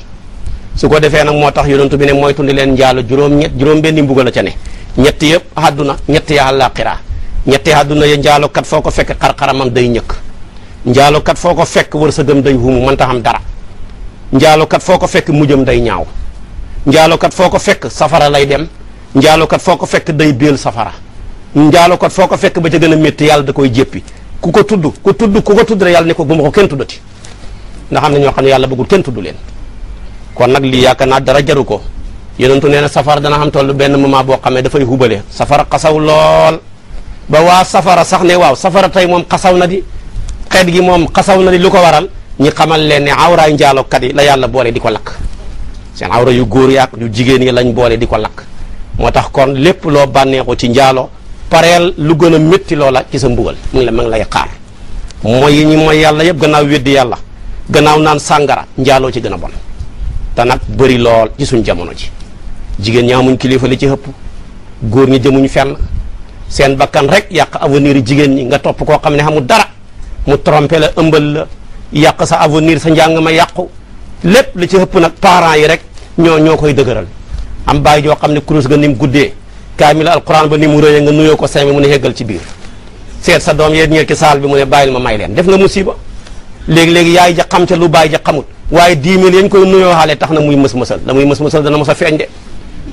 su ko defee nag moo tax yonentu bi ne mooy tundi leen njaalo juróom ñett juróom benni mbugal a ca ne ñetti yëpp àdduna ñetti ya àllaaxira ñetti àdduna ya njaalookat foo ko fekk xar-xaramam day ñëkk njaalookat foo ko fekk wërsëgam day humu mënta xam dara njaalokat foo ko fekk mujjam day ñaaw njaalookat foo ko fekk safara lay dem njaalookat foo ko fekk day béel safara njaalokat foo ko fekk ba ca gën a métti yàlla da koy jéppi ku ko tudd ku tudd ku ko tudd rek yàlla ne ko bu ma ko kenn tuddati ndax am na ñoo xam ne yàlla bëggul kenn tudd leen kon nag lii yaakaar naa dara jaru ko yonentu nee na safara dana xam toll benn moment boo xam ne dafay hubale safara xasaw lool ba waa safara sax ne waaw safara tey moom xasaw na di xeet gi moom xasaw na di lu ko waral ñi xamal leen ne awraay njaalokat yi la yàlla boole di ko lakk seen awra yu góor yaak yu jigéen yi lañ boole di ko lakk moo tax kon lépp loo bànneexu ci njaaloo pareel lu gën a métti loola ci sa mu ngi la ma ngi xaar mooy yi ñi mooy yàlla yëpp gannaaw weddi yàlla gannaaw naan sàngara njaaloo ci gën a bon te nag bëri lool ci suñ jamono ji jigéen ñi amuñ kilifa li ci ëpp góor ñi jëmuñ fenn seen bakkan rek yàq avenir yi jigéen ñi nga topp koo xam ne xamul dara yàq sa avenir sa njàng ma yàqu lépp li ci ëpp nag parents yi rek ñoo ñoo koy dëgëral am bàyyi joo xam ne kurus nga ni mu guddee kaamil alquran ba ni mu rëyee nga nuyoo ko cinq mi mu ne yeggal ci biir seet sa doom yee ñeer ci saal bi mu ne bàyyil ma may leen def nga musiba léegi-léegi yaay ja xam ca lu baay ja xamut waaye dix mille yañ koy nuyoo xaale tax na muy mës-mësal la muy mës-mësal dana mos a feeñ de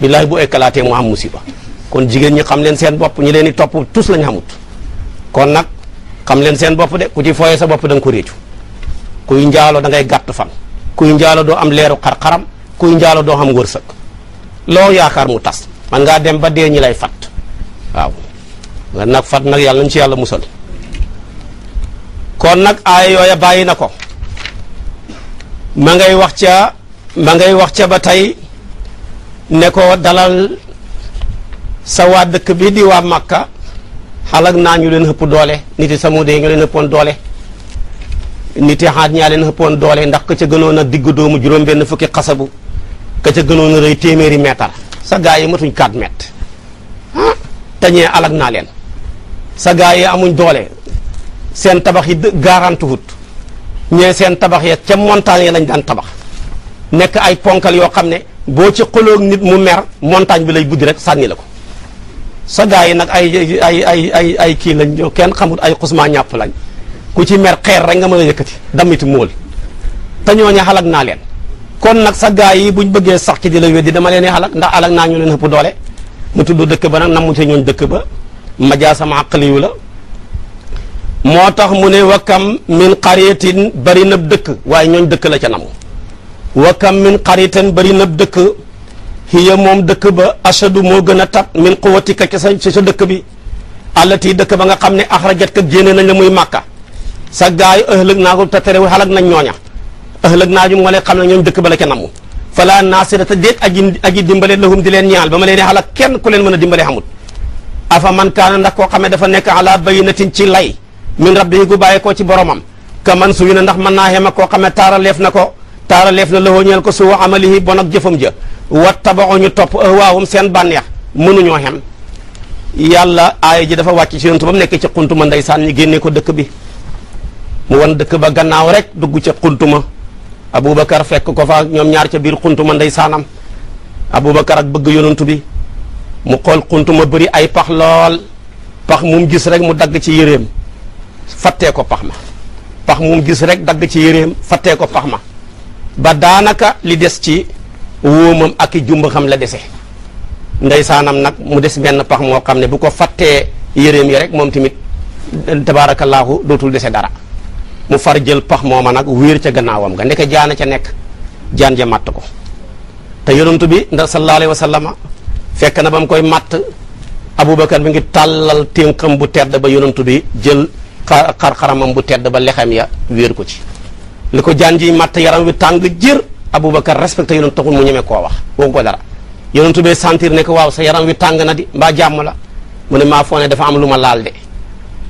billahi bu éclaté mu am musiba kon jigéen ñi xam leen seen bopp ñi leen di topp tous lañ xamut kon nag xam leen seen bopp de ku ci sa bopp da ko réccu kuy njaalo dangay gàtt fan kuy njaalo doo am leeru xar-xaram kuy njaalo doo am wërsëg loo yaakaar mu tas man ngaa dem ba dee ñi lay fat waaw nag fat nag yàlla nañ ci yàlla musal kon nag aaya yooya bàyyi na ko ma ngay wax ca ma ngay wax ca ba tey ne ko dalal sa waa dëkk bi di waa Makka xalak naa ñu leen ëpp doole nit sa yi samude ñu leen ëppoon doole nit yaxaat ñaa leen xëppoon doole ndax ka a digg doomu juróom benn fukki xasabu ka ca gënoon a rëy téeméeri meetar sa gaa yi matuñ 4 mètres tañee alag naa leen sa gaa yi amuñ doole seen tabax yi garantuwut ñee seen tabax ya ca montagne yi lañ daan tabax nekk ay ponkal yoo xam ne boo ci xoloog nit mu mer montagne bi lay buddi rek sànni la ko sa gaa yi nag ay ay ay ay ay kii lañ ñoo kenn xamul ay xusma ñàpp lañ ku ci mer xeer rek nga mën a yëkkati dammiti mool te ñooñu xalak naa leen kon nag sa gaa yi ñu bëggee sax ci di la weddi dama leen xalak ndax alak naa ñu leen ëpp doole mu tudd dëkk ba nag namu ci ñooñ dëkk ba majaa sama àqali la moo tax mu ne wakam min xaritin bari na dëkk waaye ñooñ dëkk la ca nam wakam min bari na dëkk hiya moom dëkk ba ashadu moo gën a tat min quwatika ci sa dëkk bi allati dëkk ba nga xam ne axrajat ka génne nañ la muy màkka sa gaay ëllëg naa ko te terewul xalak nañ ñooña ëllëg naa ñu ma leen xam ne ñoom dëkk ba la ca namm fala naasira te déet aji aji dimbale lahum di leen ñaal ba ma leen xalak kenn ku leen mën a dimbale a afa man kaana ndax koo xamee dafa nekk ala bayinatin ci lay min rabbihi gu bàyyee koo ci boromam ka man suyu na ndax mën naa xema koo xamee leef na ko taaraleef na lahoo ñeel ko suwa amalihi bon ak jëfam ja wa tabaxu ñu topp ahwaahum seen bànneex mënuñoo xem yàlla aaya ji dafa wàcc ci yontu ba mu nekk ci xuntu ma ndeysaan ñu génnee ko dëkk bi mu wan dëkk ba gannaaw rek dugg ca xuntuma aboubacar fekk ko fa ñoom ñaar ca biir xuntuma ndey saanam aboubacar ak bëgg yonantu bi mu xool xuntuma bari ay pax lool pax mum gis rek mu dagg ci yéreem fattee ko pax ma pax mum gis rek dagg ci yéreem fattee ko pax ma ba daanaka li des ci wóomam ak i jumba xam la dese ndeysaanam nag mu des benn pax moo xam ne bu ko fattee yéreem yi rek moom tamit tabaarakallaahu dootul dese dara mu far jël pax mooma nag wéer ca gannaawam nga ndeke jaana ca nekk jaan ja màtt ko te yonent bi nda sallallahu alayhi wa sallama fekk na ba mu koy màtt aboubacar mi ngi tàllal ténkam bu tedd ba yonent bi jël xar-xaramam bu tedd ba lexem ya wéer ko ci li ko jaan ji matt yaram wi tàng jër aboubacar respecté yonent taxul mu ñeme koo wax woogu ko dara yonent bee sentir ne ko waaw sa yaram wi tàng na di mbaa jàmm la mu ne maa foo dafa am lu ma laal de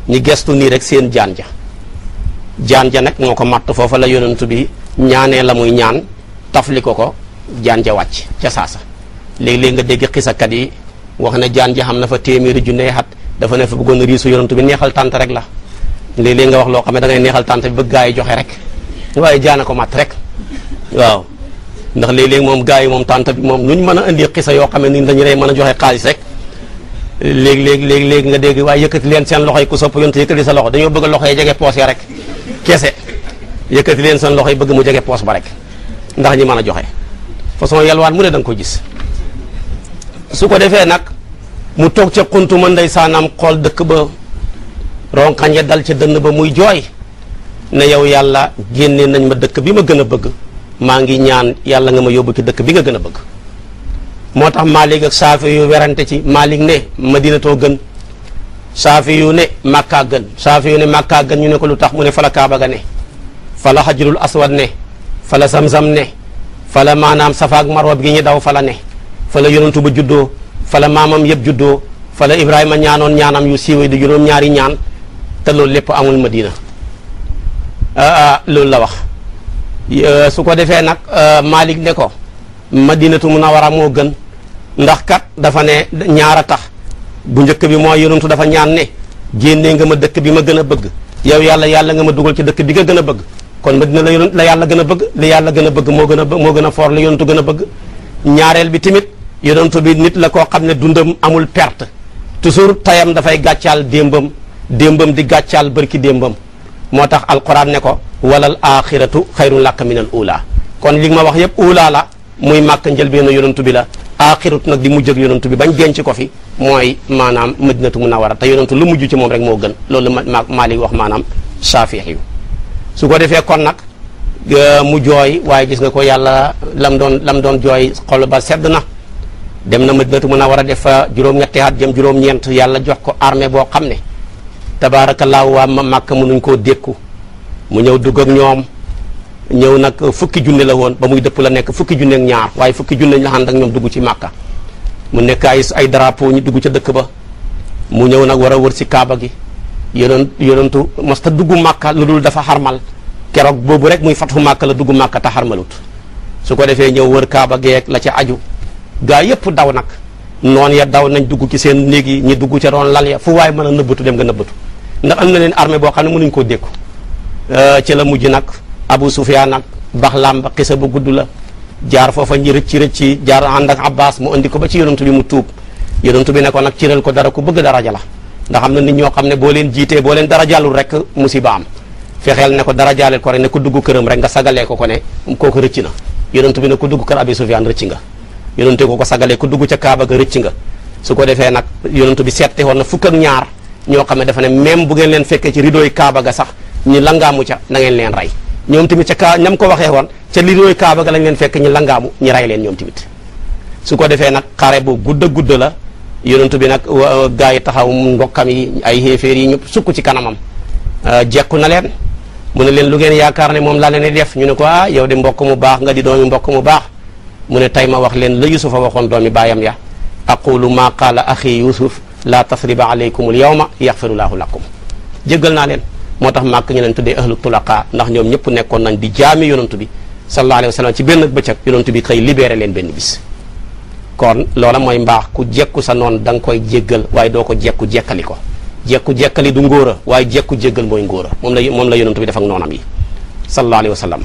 ñu gestu nii rek seen jaan jaan ja nag moo ko matt foofa la yonent bi ñaanee la muy ñaan taf li ko ko jaan ja wàcc ca saasa léeg-léeg nga dégg xisakat yi wax na jaan ja xam na fa téeméeri junne xat dafa ne fa bëggoon riisu yonent bi neexal tànt rek la léeg-léeg nga wax loo xam ne da ngay tànt bi gaa yi joxe rek waaye jaana ko matt rek waaw ndax léeg-léeg moom gaa lu ñu a indi xisa yoo xam ne ni dañu lay joxe xaalis rek léeg-léeg léeg-léeg dégg waaye yëkkati leen seen loxo yi ku sopp yëkkati sa loxo dañoo bëgg loxo yi jege poos rek kese yëkkati leen seen loxo yi bëgg mu jege poos ba rek ndax ñi mën a joxe façon yalwaan mu ne da nga ko gis su ko defee nag mu toog ca xuntu ma ndey saanam xool dëkk ba ronkañ ya dal ci dënn ba muy jooy ne yow yàlla génne nañ ma dëkk bi ma gën a bëgg maa ngi ñaan yàlla nga ma yóbbu ci dëkk bi nga gën a bëgg moo tax Maalik ak Saafi yu werante ci Maalik ne Madina too gën saafi yu ne màkkaa gën saafi yu ne màkkaa gën ñu ne ko lu tax mu ne fala kaaba ga ne fala xajrul aswad ne fala samsam ne fala maanaam safaak marwa gi ñu daw fala ne fala yonentu ba juddoo fala maamam yëpp juddoo fala ibrahima ñaanoon ñaanam yu siiwee di juróom ñaari ñaan te loolu lépp amul madina ah, ah, loolu la wax eh, su ko defee nag eh, Malik ne ko madinatu munawara moo gën ndax kat dafa ne ñaara tax bu njëkk bi mooy yonentu dafa ñaan ne génnee nga ma dëkk bi ma gën a bëgg yow yàlla yàlla nga ma dugal ci dëkk bi nga gën a bëgg kon Madina la yonent la yàlla gën a bëgg li yàlla gën a bëgg moo gën a moo gën a foor li yonentu gën a bëgg ñaareel bi tamit yonentu bi nit la koo xam ne dundam amul perte toujours tayam dafay gàccaal démbam démbam di gàccaal bërki démbam moo tax alquran ne ko walal axiratu xayrun laka mi al ula kon li ma wax yëpp ula la muy màkk njëlbeenu yonentu bi aaxirut nag di mu ak yonantu bi bañ denc ko fi mooy maanaam madinatu munawara te yonantu lu mujj ci moom rek moo gën loolu ma Maalik wax maanaam Shaafi'i su ko defee kon nag mu jooy waaye gis nga ko yàlla lam doon lam doon jooy xol ba sedd na dem na mun a def fa juróom-ñetti at jëm juróom-ñeent yàlla jox ko armée boo xam ne tabaarakallaahu waa Makka mënuñ koo dékku mu ñëw dugg ñoom. ñëw nag fukki junne la woon ba muy dëpp la nekk fukki junne ak ñaar waaye fukki junne ñu la ànd ak ñoom dugg ci màkka mu nekk ay ay drapeau ñu dugg ca dëkk ba mu ñëw nag war a wër si kaaba gi yonent yonentu mas ta dugg màkka lu dul dafa xarmal keroog boobu rek muy fatxu màkka la dugg màkka te xarmalut su ko defee ñëw wër kaaba geeg la ca aju gaa yëpp daw nag noon ya daw nañ dugg ci seen néeg yi ñi dugg ca roon lal ya fu waaye mën a nëbbatu dem nga nëbbatu ndax am na leen armée boo xam ne mënuñ koo dékku euh, ci la mujj nag Abu Sufyaan nag Baxlaam ba xisa bu gudd la jaar foofa ñi rëcc rëcc jaar ànd ak Abbas mu indi ko ba ci yonantu bi mu tuub yonantu bi ne ko nag cëral ko dara ko bëgg daraja la ndax am na ni ñoo xam ne boo leen jiitee boo leen darajaalul rek musiba am fexeel ne ko darajaaleel ko rek ne ku duggu këram rek nga sagalee ko ko ne kooku rëcc na yonantu bi ne ko dugg kër Abi Sufyaan nga yonantu ko ko sagalee ku dugg ca Kaaba ga rëcc nga su ko defee nag yonantu bi seette woon na fukk ak ñaar ñoo xam ne dafa ne même bu ngeen leen fekkee ci rideau yi Kaaba ga sax ñi langaamu ca na leen rey ñoom tamit ca kaa ñam ko waxee woon ca li kaaba ga lañ leen fekk ñu langaamu ñu rey leen ñoom tamit su ko defee nag xare bu gudd a gudd la yonentu bi nag gaa yi taxaw mbokkam yi ay xéeféer yi ñëpp sukk ci kanamam euh, jekku na leen mu ne leen lu ngeen yaakaar ne moom la leen di def ñu ne ko ah yow di mbokk mu baax nga di doomi mbokku mu baax mu ne tey ma wax leen la yusufa waxoon doomi baayam ya aqulu maa qaala axi yusuf laa tasriba alaykum al yawma yaxfiru laahu lakum jéggal naa leen moo tax màkk ñu leen tuddee ahlu tulaqa ndax ñoom ñëpp nekkoon nañ di jaami yonantu bi sallallahu alayhi wa ci benn bëccëg yonantu bi xëy libéré leen benn bis kon loola mooy mbaax ku jekku sa noon da nga koy jéggal waaye doo ko jekku jekkali ko jekku jekkali du ngóora waaye jekku jéggal mooy ngóora moom la moom la yonantu bi def ak noonam yi sallallahu alayhi wa sallam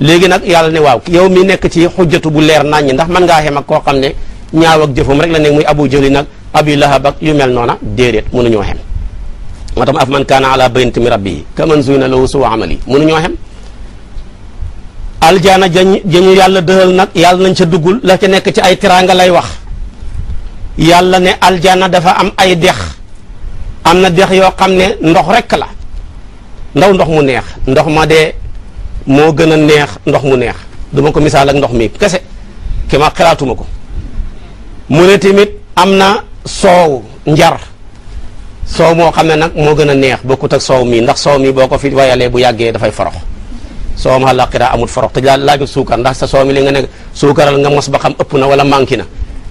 léegi nag yàlla ne waaw yow mi nekk ci xujjatu bu leer nañ ñi ndax man ngaa xem ak koo xam ne ñaaw ak jëfam rek la muy abu jëli nag abi lahab ak yu mel noona déedéet mënuñoo xem moo tax af man kaana ala baynati mi rabbihi kaman zuyna lahu suu amali mënuñoo xem aljaana jañ jañu yàlla dëhal nag yàlla nañ ca duggul la ca nekk ci ay tiraanga lay wax yàlla ne aljaana dafa am ay dex am na dex yoo xam ne ndox rekk la ndaw ndox mu neex ndox ma dee moo gën a neex ndox mu neex duma ko misaal ndox mi kese ki ma ko mu ne tamit am na soow njar soow moo xam ne nag moo gën a neex bokkut ak soow mi ndax soow mi boo ko fi wayalee bu yàggee dafay forox soow ma laqira amul forox te laa laaju suukar ndax sa soow mi li nga ne suukaral nga mos ba xam ëpp na wala manqué na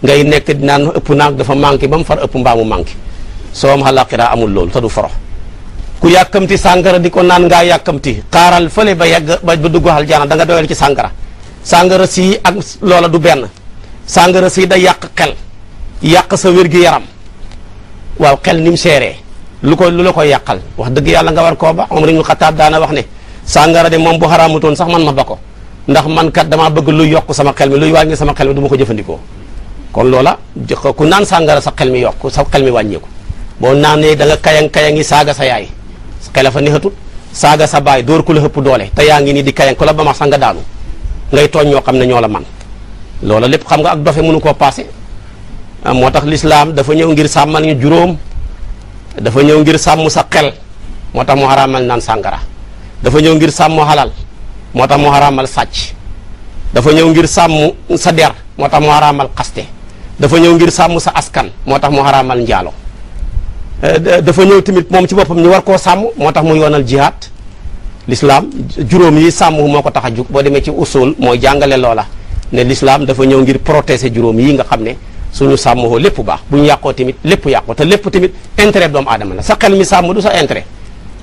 ngay nekk dinaan ëpp naag dafa manqué ba mu far ëpp mbaamu manqué soow ma laqira amul loolu te du forox ku yàkkamti sàngara di ko naan ngaa yàkkamti xaaral fële ba yàgg ba dugg aljana da nga doyal ci sàngara sàngara si ak loola du benn sàngara sii da yàq xel yàq sa wér-gi-yaram waaw xel ni mu seeree lu ko lu la koy yàqal wax dëgg yàlla nga war koo ba Omar ibn taat daana wax ne sàngara de moom bu toon sax man ma ba ko ndax man ka damaa bëgg lu yokk sama xel mi luy wàññi sama xel mi du ma ko jëfandikoo kon loola ku naan sàngara sa xel mi yokk sa xel mi wàññeeku boo naanee da nga kayang kayangi saaga sa yaay xel fa neexatul saaga sa baay door ku la hëpp doole te yaa ngi nii di kayang ku la ba ma sax nga daanu ngay tooñ ñoo xam ne ñoo la man loola lépp xam nga ak dofe nu koo passé Ah, moo tax lislaam dafa ñëw ngir sàmmal ñu juróom dafa ñëw ngir sàmm sa xel moo tax mu xaraamal naan sàngara dafa ñëw ngir sàmm xalal moo tax mu xaraamal sàcc dafa ñëw ngir sàmm sa der moo tax mu xaraamal xaste dafa ñëw ngir sàmm sa askan moo tax mu xaraamal njaalo eh, dafa ñëw tamit moom ci boppam ñu war koo sàmm moo tax mu yoonal jihaat lislaam juróom yii sàmm moo ko tax a jug boo demee ci usul mooy jàngale loola ne lislaam dafa ñëw ngir protéger juróom yi nga xam ne suñu sàmmoo lépp baax bu ñu yàqoo tamit lépp yàqoo te lépp tamit intérêt doomu aadama la sa xel mi sàmm du sa intérêt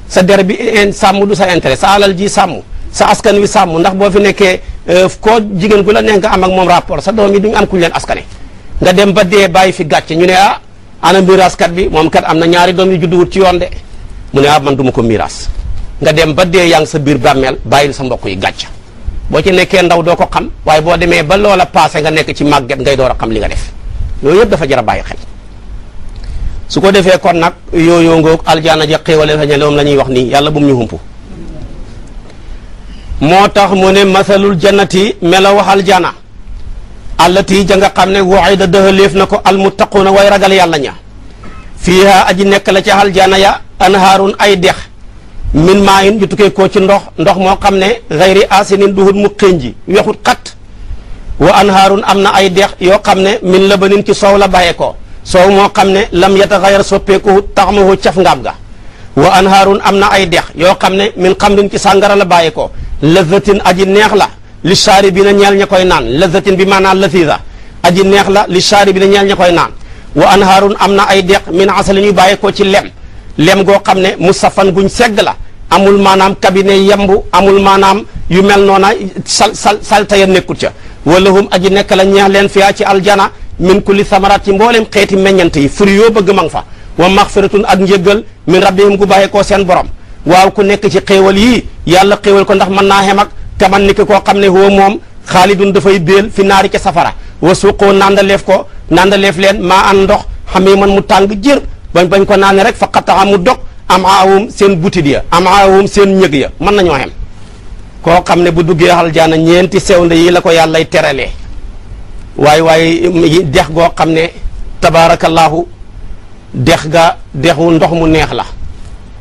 sa der bi sàmm du sa intérêt sa alal ji sàmm sa askan wi sàmm ndax boo fi nekkee euh, ko jigéen gu la neex nga am ak moom rapport sa doom yi duñu am kuñ leen askane nga dem ba dee bàyyi fi gàcce ñu ne ah ana miraaskat bi moom kat am na ñaari doom yu judduwut ci yoon de mu ne a ah, man du ko miraas nga dem ba dee yaa ngi sa biir bàmmeel bàyyil sa mbokk yi gàcce boo ci nekkee ndaw doo ko xam waaye boo demee ba loola passé nga nekk ci màgget ngay door a xam li nga def yooyu yëpp dafa jar a bàyyi xel su ko defee kon nag yooyu ngoog aljaana ja xéewale fa ñale moom la ñuy wax nii yàlla bu mu ñu humpu moo tax mu ne masalul janati mela wax aljaana allati ja xam ne waxida dëxaleef na ko almuttaquuna way ragal yàlla ña fiiha aji nekk la ca aljaana ya anhaarun ay dex min maayin ju tukkee koo ci ndox ndox moo xam ne xayri asinin duhut mu xënji wexut xat wa anhaarun am na ay dex yoo xam ne min labanin ci soow la bàyyee ko soow moo xam ne lam yataxayar soppeeku taxmahu caf ngaam ga wa anhaarun am na ay dex yoo xam ne min xamrin ci sàngara la bàyyee ko lazatin aji neex la li shaaribiina ñeel ña koy naan lazatin bi maanaam laziza aji neex la li bi na ñeel ña koy naan wa anhaarun am na ay dex min asalin yu bàyyeekoo ci lem lem goo xam ne musafan guñ segg la amul maanaam kabine yembu amul maanaam yu mel noona sal sal saltaya nekkut ca wala hum aji nekk la ñeex leen fiyaa ci aljana min kulli samaraat ci mboolem xeeti meññante yi furi yoo bëgg ma nga fa wa maxfiratun ak njëggal min rabbihim gu bàyyee koo seen borom waaw ku nekk ci xéewal yi yàlla xéewal ko ndax mën naa xem te man ni ki koo xam ne huwa moom xaalidun dafay béel fi naari ca safara wa suuqoo nandaleef ko nandaleef leen maa an ndox xamee man mu tàng jër bañ bañ ko naane rek fa xataa mu dog am aawum seen butit ya am seen ñëg ya mën nañoo xem koo xam ne bu duggee aljaana ñeenti sew sewnde yi la ko yàllay terale waaye waaye dex goo xam ne tabaarakallaahu dex ga dexu ndox mu neex la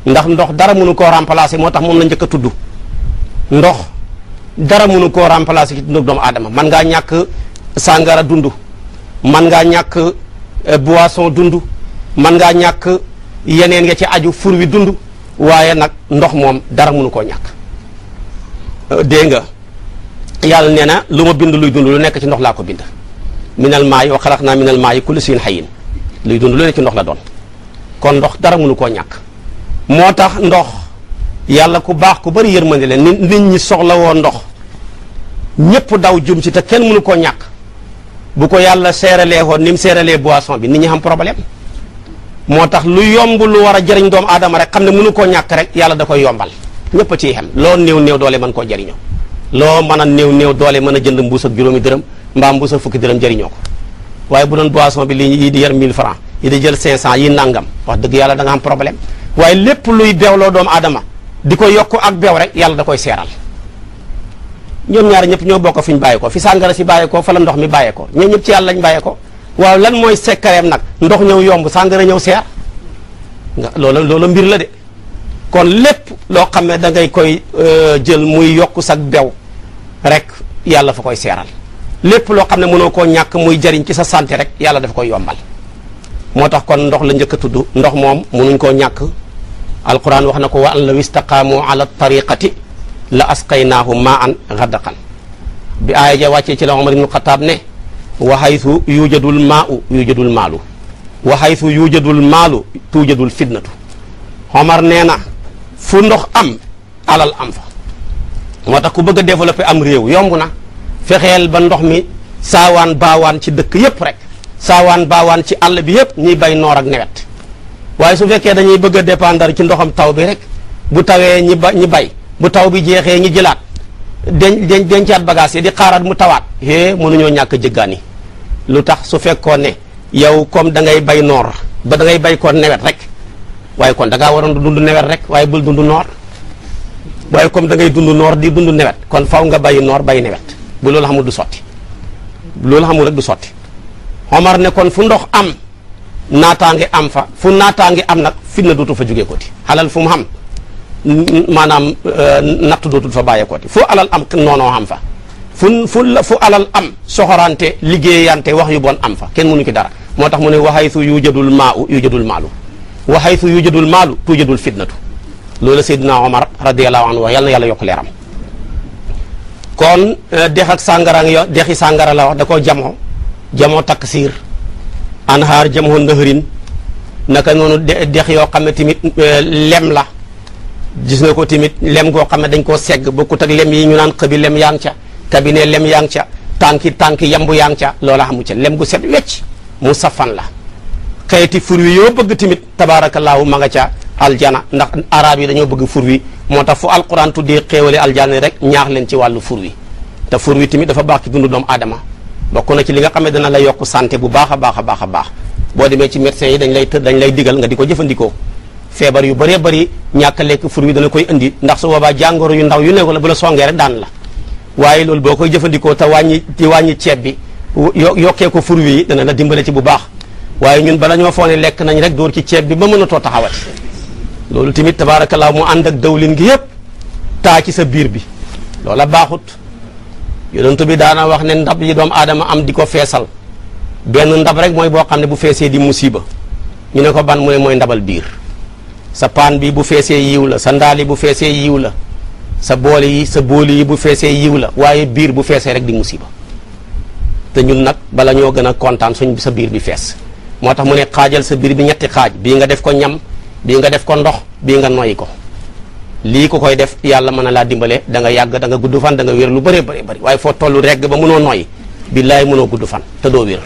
ndax ndox dara mënu koo remplacer moo tax moom la njëkk a tudd ndox dara mënu koo remplacer ci dundu doomu aadama man ngaa ñàkk sàngara dund man ngaa ñàkk eh, boisson dund man ngaa ñàkk yeneen nga ci aju fur wi dund waaye nag ndox moom dara mënu koo ñàkk dégg nga yàlla nee na lu ma bind luy dund lu nekk ci ndox laa ko bind minal maa yi wa xalaq naa minal maa yi kulli sin xayin luy dund lu nekk ci ndox la doon kon ndox dara mënu koo ñàkk moo tax ndox yàlla ku baax ku bari yërmande leen nit ñi soxla woo ndox ñëpp daw jum si te kenn mënu koo ñàkk bu ko yàlla seeralee woon ni mu seeralee boisson bi nit ñi am problème moo tax lu yomb lu war a jëriñ doomu aadama rek xam ne mënu koo ñàkk rek yàlla da koy yombal ñëpp a ciy xem loo néew néew doole mën koo jariñoo loo mën a new néew doole mën a jënd mbuus ak juróomi dërëm mbaa mbuus ak fukki dërëm jariñoo ko waaye bu doon boisson bi lii yi di yar 1000 francs yi di jël 500 yi nangam wax dëgg yàlla da nga am problème waaye lépp luy beewloo doomu adama di ko yokk ak bew rek yàlla da koy seeral ñoom ñaar ñëpp ñoo bokk fu ñu bàyyi ko fi sàngara si bàyyi ko fa la ndox mi bàyyi ko ñoom ñëpp ci yàlla lañ bàyyi ko waaw lan mooy sekkareem nag ndox ñëw yomb sàngara ñëw seer nga mbir la de kon lépp loo xam ne dangay ngay koy euh, jël muy yokk sa bew rek yàlla foo koy seeral lépp loo xam ne mënoo koo ñàkk muy jariñ ci sa santé rek yàlla dafa koy yombal moo tax kon ndox la njëkk a tudd ndox moom mënuñ koo ñàkk alquran wax na ko wa an law istaqaamu ala tariqati la asqaynaahum ma an ghadaqan bi aaya ja wàccee ci la Omar ibnu Xataab ne wa haythu yujadul maa'u yujadul maalu wa haythu yujadul maalu tuujadul fitnatu Omar nee na fu ndox am alal am fa moo tax ku bëgg a développer am réew yomb na fexeel ba ndox mi saawaan baawaan ci dëkk yépp rek saawaan baawaan ci àll bi yépp ñuy bay noor ak nawet waaye su fekkee dañuy bëgg a dépendre ci ndoxam taw bi rek bu tawee ñi ba ñi bay bu taw bi jeexee ñi jëlaat den den dencaat bagage yi di xaaraat mu tawaat é mënuñoo ñàkk jëggaani lu tax su fekkoo ne yow comme da ngay bay noor ba da ngay bay ko nawet rek waaye kon da waroon du dund nawet rek waaye bul dund noor waaye comme da ngay dund noor di dund newet kon faw nga bàyyi noor bay nawet bu loolu xamul du sotti loolu xamul rek du sotti Omar ne kon fu ndox am naataange am fa fu naataange am nag fitna dootul fa jógee kooti alal fu mu xam maanaam euh, natt dootul fa bàyyee kooti fu alal am noonoo xam fa fu fu fu alal am soxorante liggéeyante wax yu boon am fa kenn mënu ki dara moo tax mu ne waxaytu yujadul maa u yujadul maalu wa haythu yujadul maalu tujadul fitnatu loolu na Omar radiyallahu anhu wax yal na yàlla yokk leeram kon eh, dex ak sàngara yo dexi sàngara la wax da koo jamoo jamoo takk siir anhaar jamoo nëhërin naka noonu dex yoo xam ne tamit eh, lem la gis nga ko tamit lem goo xam ne dañ koo segg bokkut ak lem yi ñu naan xëbi lem yaa ngi ca kabine lem yaa ngi ca tànki tànki yambu yaa ngi ca loola xamu ca lem gu set wecc mu safan la xeeti ti wi yoo bëgg tamit tabaarakallaahu ma nga ca aljana ndax araab yi dañoo bëgg fur wi moo tax fu alquran tuddee xéewale aljana rek ñaax leen ci wàllu fur wi te fur wi tamit dafa baax ci dundu doomu aadama bokk na ci li nga xam ne dana la yokk sante bu baax a baax a baax a baax boo demee ci médecin yi dañ lay të dañ lay digal nga di ko jëfandikoo feebar yu bëree bëri ñàkk lekk fur wi dana koy indi ndax su boobaa jàngoro yu ndaw yu nekk la bu la songee rek daan la waaye loolu boo koy jëfandikoo te wàññi di wàññi ceeb bi yokkee ko fur wi dana la dimbale ci bu baax waaye ñun ba dañoo foone lekk nañ rek dóor ci ceeb bi ba mënatoo taxawati loolu tamit tabaarakallaa mu ànd ak dawlin gi yëpp taa ci sa biir bi loola baaxut yonent bi daana wax ne ndab yi doom aadama am di ko feesal benn ndab rek mooy boo xam ne bu feesee di musiba ñu ne ko ban mu ne mooy ndabal biir sa paan bi bu feesee yiw la sa ndaal yi bu feesee yiw la sa boole yi sa booli yi bu feesee yiw la waaye biir bu feesee rek di musiba te ñun nag bala ñoo gën a kontaan suñ sa biir bi fees moo tax mu ne xaajal sa biir bi ñetti xaaj bii nga def ko ñam bii nga def ko ndox bii nga noyyi ko lii ko koy def yàlla mën na laa dimbale da nga yàgg da nga gudd fan danga wér lu bare bëri bëri waaye foo toll regg ba mënoo noyyi billaay mënoo gudd fan te doo wér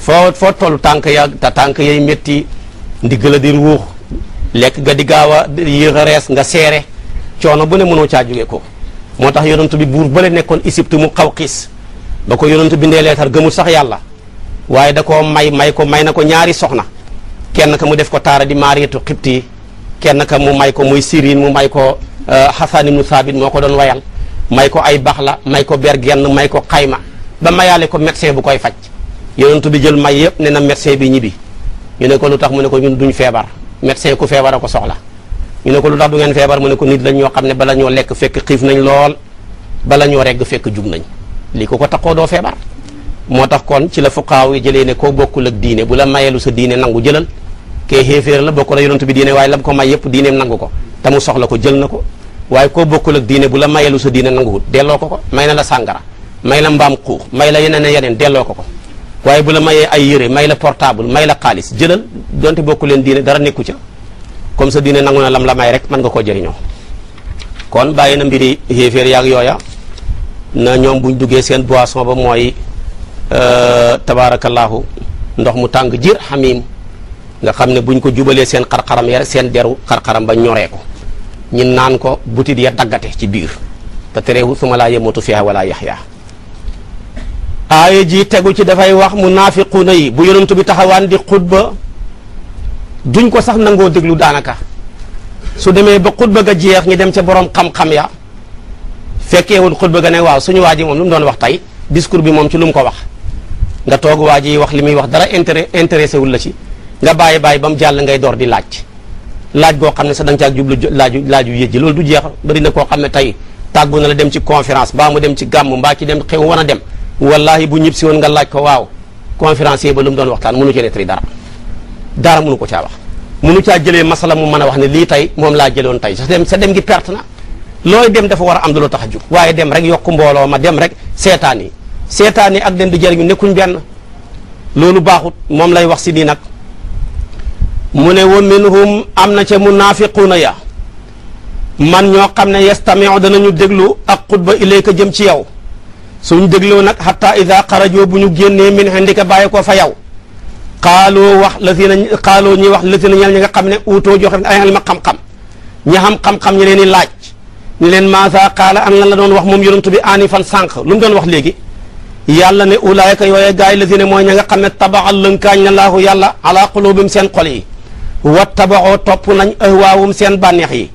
foo foo toll tànk ya te tànk yay métti ndigg la di ruux lekk ga di gaaw a yéex a rees nga seere coono bu ne mënoo caa jóge ko moo tax yonent bi buur bële nekkoon Égypte mu xaw xiis ba ko yonent bi ndee leetar gëmul sax yàlla waaye da ko may may ko may na ko ñaari soxna kenn ka mu def ko taara di maariyatu xibti kenn ka mu may ko muy sirin mu may ko euh, xasan ibnu saabit moo ko doon wayal may ko ay baxla may ko bergenn may ko xayma ba mayaale ko médecin bu koy faj yonent bi jël may yëpp ne na médecin bi ñibbi ñu ne ko lu tax mu ne ko ñun duñ feebar médecin ku feebar ko soxla ñu ne ko lu tax du ngeen feebar mu ne ko nit lañ ñoo xam ne bala ñoo lekk fekk xiif nañ lool bala ñoo regg fekk jug nañ lii ko ko taxoo doo feebar moo tax kon ci la fuqaaw yi jëlee ne koo bokkul ak diine bu la mayeelu sa diine nangu jëlal kee xéeféer la bokk la yonent bi diine waaye lam ko may yëpp diineem nangu ko te mu soxla ko jël na ko waaye koo bokkul ak diine bu la mayeelu sa diine nanguwut delloo ko ko may na la sàngara may la mbaam xuux may la yeneen yeneen delloo ko ko waaye bu la mayee ay yére may la portable may la xaalis jëlal donte bokku leen diine dara nekku ca comme sa diine nangu na lam la may rek man nga koo jëriñoo kon bàyyi na mbiri xéeféer yaag yooya na ñoom buñ duggee seen boisson ba mooy Euh, tabaarakallaahu ndox mu tàng jir xamiim nga xam ne buñ ko jubalee seen xarxaram ya seen deru xarxaram ba ñoree ko ñun naan ko butit ya daggate ci biir te tereewu suma laa yemutu fiha wala yaxya aaya ji tegu ci dafay wax munaafiquuna yi bu yonent bi taxawaan di xutba duñ ko sax nangoo déglu daanaka su demee ba xutba ga jeex ñu dem ca borom xam-xam ya fekkeewul xutba ga ne waaw suñu ñu ji moom lu mu doon wax tey discours bi moom ci lu mu ko wax nga toog waa ji wax li muy wax dara intérêt intéressé wul la ci nga bàyyi bàyyi ba mu jàll ngay door di laaj laaj goo xam ne sax da nga caa jublu laaju laaju yëjji loolu du jeex bëri na koo xam ne tey tàggu na la dem ci conférence mbaa mu dem ci gàmm mbaa ci dem xew war a dem wallahi bu ñib si woon nga laaj ko waaw conférencier ba lu mu doon waxtaan mënu ci nettali dara dara mënu ko caa wax mënu caa jëlee masala mu mën a wax ne lii tey moom laa jëloon tey sa dem sa dem gi perte na looy dem dafa war a am tax a jug waaye dem rek yokk mbooloo ma dem rek seetaan yi seetaan yi ak dem di jëriñu nekkuñ benn loolu baaxut moom lay wax si nii nag mu ne wa minhum am na ca munaafiquuna ya man ñoo xam ne yastamiu danañu déglu ak xutba ilayka jëm ci yow suñ dégloo nag xatta ida xarajoo bu ñu génnee min xindika bàyyi ko fa yow xaaloo wax latina xaaloo ñuy wax latina ñel ñi nga xam ne uutoo joxe ay alma xam-xam ñi xam xam-xam ñi leen di laaj ñu leen maasa xaala am lan la doon wax moom yonent bi aani fan sànq lu mu doon wax léegi yàlla ne ulaayka yooye gaa yi la si ne mooy ña nga xam ne tabaxal lënkaañ na laahu yàlla ala qulubim seen xol yi wa tabaxoo topp nañ ahwaawum seen bànneex yi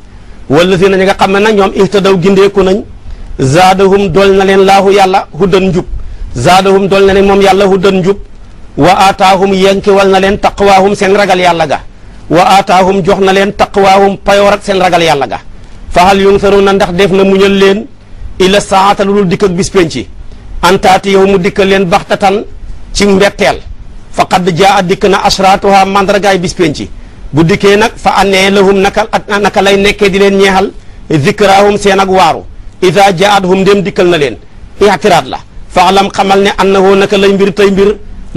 wala si na ñi nga xam ne nag ñoom ihtadaw gindeeku nañ zaadahum dool na leen laahu yàlla huddan njub zaadahum dool na leen moom yàlla huddan njub wa aataahum yenkiwal na leen taqwaahum seen ragal yàlla ga wa aataahum jox na leen taqwaahum payoor ak seen ragal yàlla ga fahal yunsaruuna ndax def na muñal leen ila saata lu dul dikk ak antaati yow mu dikkal leen baxtatan ci mbetteel faqad jaa dikk na asraatuha mandargaay bis penci bu dikkee nag fa annee lahum naka naka lay nekkee di leen ñeexal zikraahum seen ak waaru ida jaadhum ndem dikkal na leen ixtiraat la fa faalam xamal ne annahoo naka lay mbir tey mbir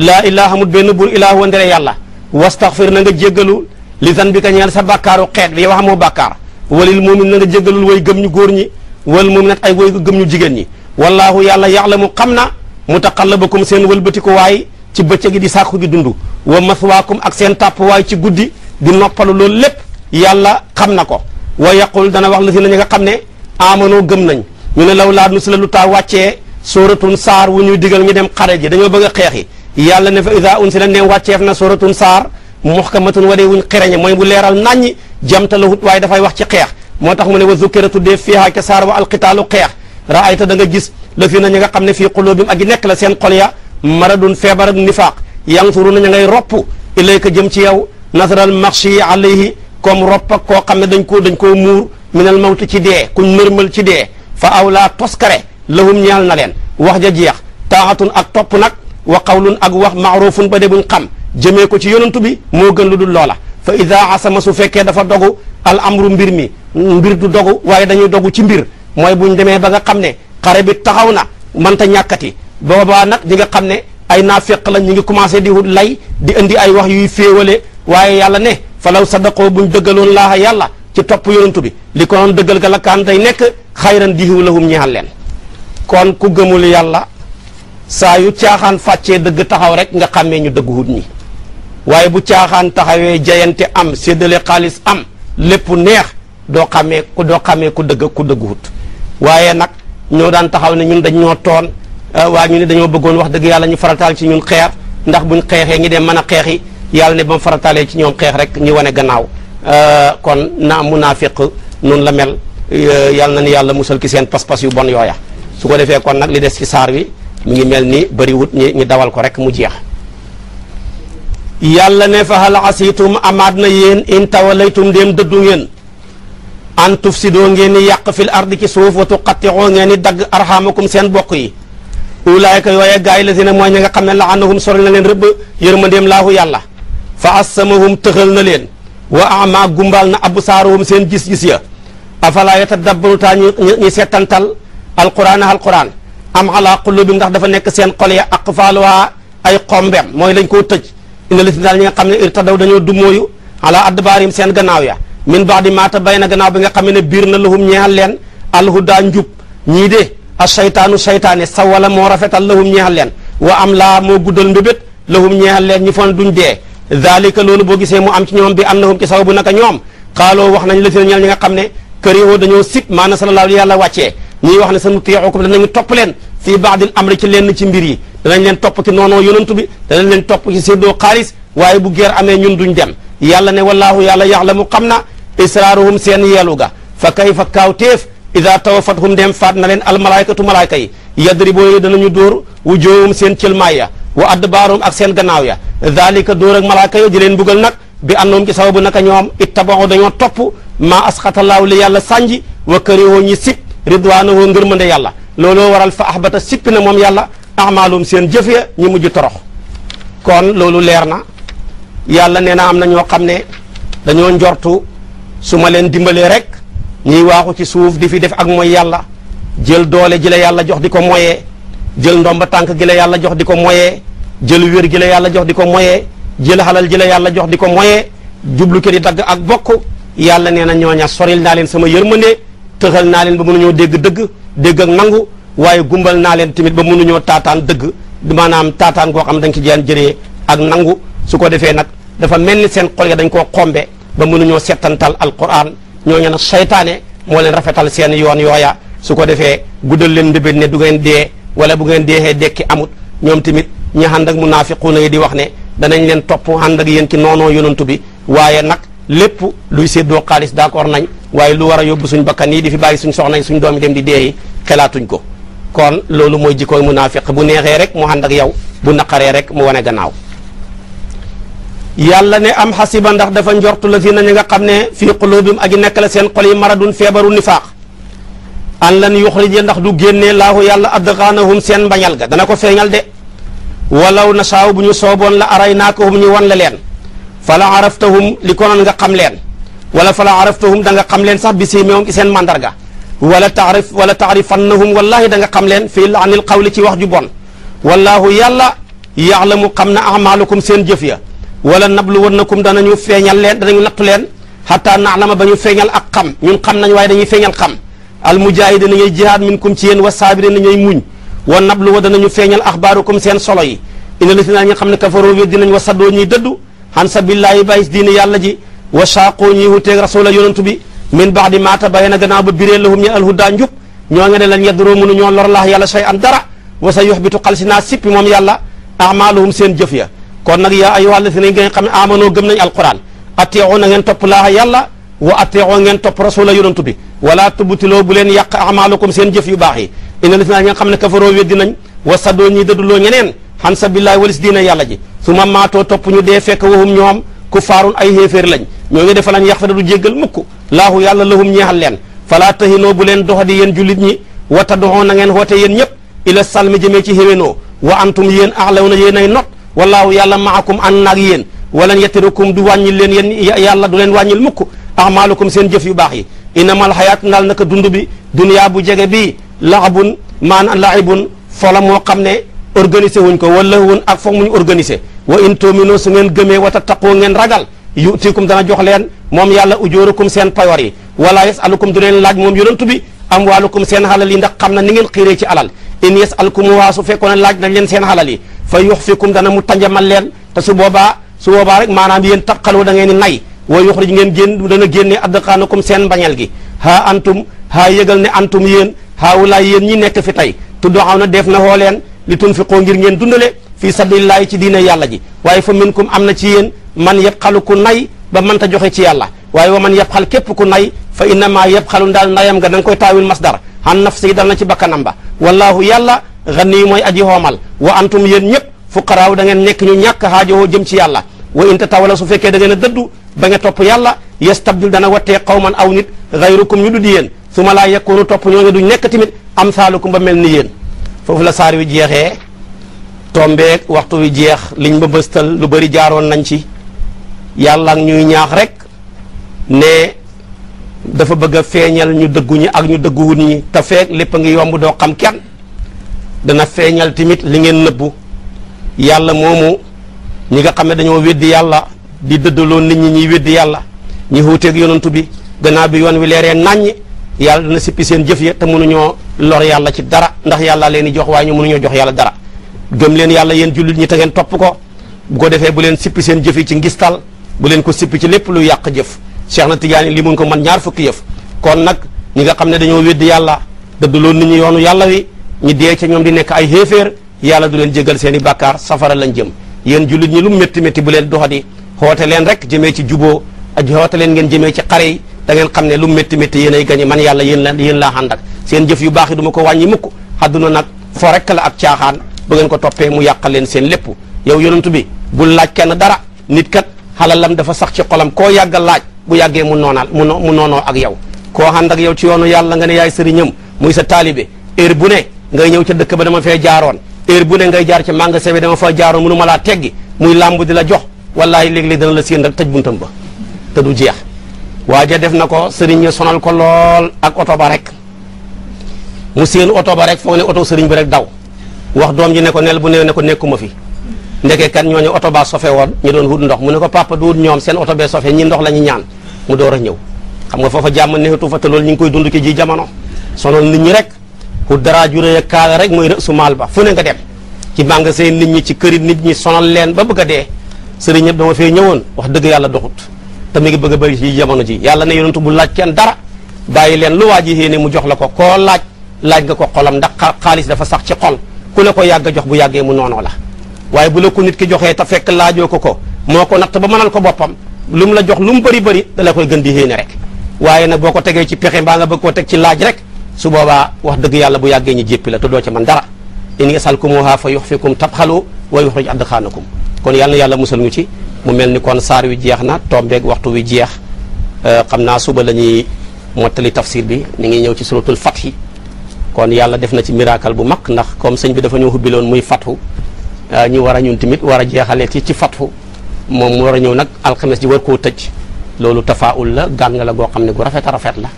laa ilaha mut benn buur ilaahu wa ndere yàlla wastaxfir na nga jéggalu li zan bi ka ñeel sa bàkkaaru xeet bi yow xamoo bàkkaar walil muumin na nga jéggalul way gëm ñu góor ñi wal muuminat ay way gëm ñu jigéen ñi wallaahu yàlla ya'lamu xam na mutaqallabakum seen wëlbatiku waay ci bëccëg gi di sàkku gi dund wa waakum ak seen tàppuwaay ci guddi di noppalu loolu lépp yàlla xam na ko wa yaqul dana wax la na ñi nga xam ne amanoo gëm nañ ñu ne law laa nusila lu taa wàccee sooratun saar wu ñuy digal ñu dem xare ji dañoo bëgg a xeexi yàlla ne fa ida unsila ne wàcceef na sooratun saar muhkamatun wadee wuñ xereñe mooy bu leeral naññi jamtalahut waaye dafay wax ci xeex moo tax mu ne wa zukkira tuddee fiihaa ca saar wa xeex raayta da nga gis la na ñi nga xam ne fii quluubihim ak yi nekk la seen xol ya maradun feebar ak nifaaq yanzuru na ña ngay ropp ilayka jëm ci yow nasaral maxshi alayhi comme ropp ak koo xam ne dañ koo dañ koo muur minal mawti ci dee kuñ nërmal ci dee fa aw awlaa toskare lahum ñaal na leen wax ja jeex taaxatun ak topp nag wa qawlun ak wax maarufun ba de buñ xam jëmee ko ci yonantu bi moo gën lu dul loola fa ida asama su fekkee dafa dogu al amru mbir mi mbir du dogu waaye dañuy dogu ci mbir mooy bu ñu demee ba nga xam ne xare bi taxaw na mënta ñàkkati boobaa nag ñi nga xam ne ay naafeq lañ ñu ngi commencé di wut lay di indi ay wax yuy féewale waaye yàlla ne falaw sadaqoo buñ dëggaloon laaha yàlla ci topp yonantu bi li konoon dëggal ga la kaan day nekk xayran dihiw lahum ñaal leen kon ku gëmul yàlla saa yu caaxaan fàccee dëgg taxaw rek nga xàmmee ñu dëgg wut ñi waaye bu caaxaan taxawee jayante am seddalee xaalis am lépp neex doo xàmmee ku doo xàmmee ku dëgg ku dëgg waaye nag ñoo daan taxaw ne ñun dañ ñoo toon euh, waa ñu ne dañoo bëggoon wax dëgg yàlla ñu farataal ci ñun xeex ndax buñ xeexee ñi dem mën a xeexi yàlla ne ba mu farataalee ci ñoom xeex rek ñu wane gannaaw euh, kon na munaafiq noonu la mel euh, yàlla na ni yàlla musal ki seen pas-pas yu bon yooya su ko defee kon nag li des ci saar wi mi ngi mel ni bëriwut ñi ñu dawal ko rek mu jeex yàlla ne fa hal amaat na yéen in tawalaytum dem dëddu ngeen an tufsidoo ngeen di yàq fil ardi ci suuf wa tuqatti'oo ngeen di dagg arhamakum seen bokk yi ulaayka yooye gaa yi la si ne mooy ñi nga xam ne laanahum sori na leen rëbb yërmandeem laahu yàlla fa assamahum tëxal na leen wa ama gumbaal na absaarahum seen gis-gis ya afalaa yatadabbaruta ñi settantal alquran alquran am ala qulubim ndax dafa nekk seen xol ya aqfaaluha ay xombeem mooy lañ koo tëj ina la si daal ñi nga xam ne irtadaw dañoo dumóoyu ala adbaarim seen gannaaw ya min ba'di maa tabayyana gannaaw bi nga xam ne biir na lahum ñeexal leen alhudaa njub ñii de as saytaanu saytaane sa wala moo rafetal lahum ñeexal leen wa am laa moo guddal mbébét lahum ñeexal leen ñi foon duñ dee daalika loolu boo gisee mu am ci ñoom bi annahum ci sababu naka ñoom xaaloo wax nañ la fi ñal ñi nga xam ne këriyoo dañoo sib maana sallallahu yàlla wàccee ñuy wax ne sanu téexukum danañu topp leen fii baadil amri ci lenn ci mbir yi danañ leen topp ci noonoo yonantu bi danañ leen topp ci séddoo xaalis waaye bu geer amee ñun duñ dem yàlla ne wallaahu yàlla yaxlamu xam na israaruhum seen yeelu ga fa kay fa kaawteef ida tawafathum dem faat na leen almalaykatu malayka yi yadriboona yi danañu dóor wujuuhum seen cëlmaay ya wa adbaaruhum ak seen gannaaw ya dalika dóor ak malayka yo di leen buggal nag bi andoom ci sababu naka ñoom ittabao dañoo topp maa asxatalaaw li yàlla sànji wa karihoo ñi sib ridwaanahoo ngërmande yàlla looloo waral fa ahbata sippi na moom yàlla amaalum seen jëf ya ñi mujj torox kon loolu leer na yàlla nee na am na ñoo xam ne dañoo njortu su ma leen dimbalee rek ñuy waaxu ci suuf di fi def ak mooy yàlla jël doole ji yàlla jox di ko moyee jël ndomba tànk gi yàlla jox di ko moyee jël wér gi yàlla jox di ko moyee jël xalal ji yàlla jox di ko moyee jublu ke di dagg ak bokk yàlla nee na ñooña soril naa leen sama yër ma ne tëxal naa leen ba ñoo dégg dëgg dégg ak nangu waaye gumbal naa leen tamit ba ñoo taataan dëgg maanaam taataan goo xam dañ ko jaan jëree ak nangu su ko defee nag dafa mel ni seen xol ya dañ koo xombe ba mënuñoo settantal alquran ñooñu nag seytaane moo leen rafetal seen yoon yooya su ko defee guddal leen ndébét ne du ngeen dee wala bu ngeen deexee dekki amut ñoom tamit ñi ànd ak munaafiquuna yi di wax ne danañ leen topp ànd ak yéen ci noonoo yonantu bi waaye nag lépp luy séddoo xaalis d'accord nañ waaye lu war a yóbbu suñ bakkan yi di fi bàyyi suñ soxna yi suñ doom yi dem di deeyi xelaatuñ ko kon loolu mooy jikkooy munaafiq bu neexee rek mu ànd ak yow bu naqaree rek mu wane gannaaw yàlla ne am xasiba ndax dafa njortu la fi na ñi nga xam ne fii qulubim ak nekk la seen xol yi maradun feebaru nifaaq an lan yuxrija ndax du génnee laahu yàlla adgaanahum seen mbañal ga dana ko feeñal de walaw nasaaw bu ñu sooboon la araynaakahum ñu wan la leen fala araftahum li konoon nga xam leen wala fala araftahum da nga xam leen sax bi siimihum ci seen mandarga wala taarif wala taarifannahum wallaahi da nga xam leen fii laanil qawli ci wax ju bon wallaahu yàlla yaxlamu xam na amaalukum seen jëf ya wala nablu wannakum ñu feeñal leen danañu nattu leen na naalama ba ñu feeñal ak xam ñun xam nañ waaye dañuy feeñal xam almujaahidina ñooy jihaad minkum ci yéen wa saabirina ñooy muñ wa nablu wa danañu feeñal axbaarukum seen solo yi ina lisina ñi nga xam ne kafaroo wér dinañ wa saddoo ñuy dëddu xan sabillaahi bàyyi diine yàlla ji wa saaqoo ñiy wuteeg rasula yonantu bi min baadi maa tabayyana gannaaw ba biree lahum ñe alhudaa njub ñoo nga ne lañ yadroo mënu ñoo lor laax an dara wa sa yuxbitu xal si naa sippi moom yàlla amaaluhum seen jëf ya kon nag yaa ayyuhaa allaziina ngeen xam ne aamanoo gëm nañ alquran ateexu na ngeen topp laaha yàlla wa ateexoo ngeen topp rasula yonantu bi wala tubtiloo bu leen yàq amaalakum seen jëf yu baax yi inna allaziina nga xam ne kafaroo weddi nañ wa saddoo ñi dëdduloo ñeneen xan sabillaahi walis diina yàlla ji su ma maatoo topp ñu dee fekk wahum ñoom ku faarun ay xéeféer lañ ñoo ngi defa lan yax fada du jéggal mukk laahu yàlla lahum ñeexal leen falaa tahinoo bu leen doxadi yéen jullit ñi wa taddoxoo na ngeen xoote yéen ñëpp ila salmi jëmee ci xéwénoo wa antum yéen axlaw na yéen ay wallaahu yàlla maakum an naag yéen walan yettirukum du wàññil leen yéen yàlla du leen wàññil mukk ahmaalukum seen jëf yu baax yi innamal xayaat naal naka dund bi duniyaa bu jege bii laxabun maan laxibun fola moo xam ne organisé wuñ ko wala woon ak foog muñ organisé wa in tuuminu su ngeen gëmee wa tattaqoo ngeen ragal yutiikum dana jox leen moom yàlla ujoorukum seen payoor yi wala yasalukum du leen laaj moom yonantu bi amwaalukum seen xalal yi ndax xam na ni ngeen xiiree ci alal in yasalkumuhaa su fekkoon laaj nañ leen seen xalal yi fa yuxfikum dana mu tanjamal leen te su boobaa su boobaa rek maanaam yéen tabxaloo da ngeen di nay wa yuxrij ngeen génn dana génne antum haa yëgal ne antum yéen haa wulaay yéen ñi nekk fi tey tudduxaw na def na xoo leen li tunfiqoo ngir ngeen dundale fii sabilillahi ci diine yàlla ji waaye fa minkum am na ci yéen man yabxalu ku nay ba man ta joxe ci yàlla waaye wa man yabxal képp ku nay fa innama yabxalu daal ndayam nga da nga koy taawil masdar an nafsi dal na ci bakkanam ba xan nii mooy aji xoomal wa antum yéen ñëpp fu da dangeen nekk ñu ñàkk xaajowoo jëm ci yàlla wa in tatawala su fekkee da ngeen a dëddu ba nga topp yàlla yastabdil dana wattee qawman aw nit gayrukum ñu du di yéen su ma laa yekkoonu topp ñooñu du nekk tamit am saalukum ba mel ni yéen foofu la saar wi jeexee tombeeg waxtu wi jeex liñ ba bëstal lu bari jaaroon nañ ci yàlla ñuy ñaax rek ne dafa bëgg a feeñal ñu dëgguñu ak ñu dëgguwut ñi te feeg lépp ngi yomb doo xam kenn dana feeñal tamit li ngeen nëbbu yàlla moomu ñi nga xam ne dañoo weddi yàlla di dëddaloon nit ñi ñuy weddi yàlla ñi xuuteeg yonantu bi gannaaw bi yoon wi leeree naññ yàlla dana sippi seen jëf ya te ñoo lor yàlla ci dara ndax yàlla leen di jox waaye ñu mënuñoo jox yàlla dara gëm leen yàlla yéen jullit ñi te ngeen topp ko bu ko defee bu leen sippi seen jëf yi ci ngistal bu leen ko sippi ci lépp lu yàq jëf Cheikh na Tidiane li mun ko man ñaar fukki yëf kon nag ñi nga xam ne dañoo weddi yàlla dëddaloon yàlla wi ñu dee ca ñoom di nekk ay xéeféer yàlla du leen jégal seen i bàkkaar safara lañ jëm yéen jullit ñi lu métti métti bu leen doxati xoote leen rek jëmee ci juboo ak xoote leen ngeen jëmee ci xare yi da ngeen xam ne lu métti métti yéen ay gañe man yàlla yéen la yéen laa ànd ak seen jëf yu baax yi du ma ko wàññi mukk àdduna nag fo rek la ak caaxaan bu ngeen ko toppee mu yàqal leen seen lépp yow yonentu bi bu laaj kenn dara nit kat xalalam dafa sax ci xolam koo yàgga laaj bu yàggee mu noonaal mu noonoo ak yow koo ànd ak yow ci yoonu yàlla nga ne yaay sëriñam muy sa taalibe heure bu ne ngay ñëw ca dëkk ba dama fee jaaroon heure bu ne ngay jaar ci magasin bi dama fa jaaroon mënu ma laa teggi muy làmb di la jox wallahi léeg-léeg dana la séen rek tëj buntam ba te du jeex waaja def na ko sëriñ ñi sonal ko lool ak oto ba rek mu séen oto ba rek foog ne oto sëriñ bi rek daw wax doom ji ne ko nel bu néew ne ko nekkuma fi ndeke kan ñooñu oto ba sofe woon ñu doon wut ndox mu ne ko papa du wut ñoom seen oto bee sofe ñi ndox la ñu ñaan mu door a ñëw xam nga foofa jàmm neexatu fa te loolu ñu ngi koy dund ci ji jamono sonal nit ñi rek ku dara jure ak kaala rek mooy rësu maal ba fu ne nga dem ci magasin nit ñi ci këri nit ñi sonal leen ba bëgg a dee sëriñ ñëpp dama fee ñëwoon wax dëgg yàlla doxut te mi ngi bëgg bëri ci jamono ji yàlla ne yonentu bu laaj kenn dara bàyyi leen lu waa ji yéene mu jox la ko koo laaj laaj nga ko xolam ndax xaalis dafa sax ci xol ku la ko yàgg jox bu yàggee mu noonoo la waaye bu la ko nit ki joxee te fekk laajoo ko ko moo ko natt ba mënal ko boppam lu mu la jox lu mu bëri bëri la koy gën di yéene rek waaye nag boo ko tegee ci pexe mbaa nga bëgg koo teg ci laaj rek su boobaa wax dëgg yàlla bu yàggee ñu jéppi la te doo ca man dara in yasalkumuha fa yuxfikum tabxalu wa yuxrij adxaanakum kon yàlla yàlla musal ñu ci mu mel ni kon saar wi jeex na tombeeg waxtu wi jeex euh, xam naa suba la ñuy mottali tafsir bi ni ngi ñëw ci suratul yi kon yàlla def na ci miracle bu mag ndax comme sëñ bi dafa ñëw hubbiloon muy fathu euh, ñu war a ñun tamit war a jeexalee ci ci fathu moom mu war a ñëw nag alxames ji war koo tëj loolu tafaul la gàn goo xam ne gu rafet rafet la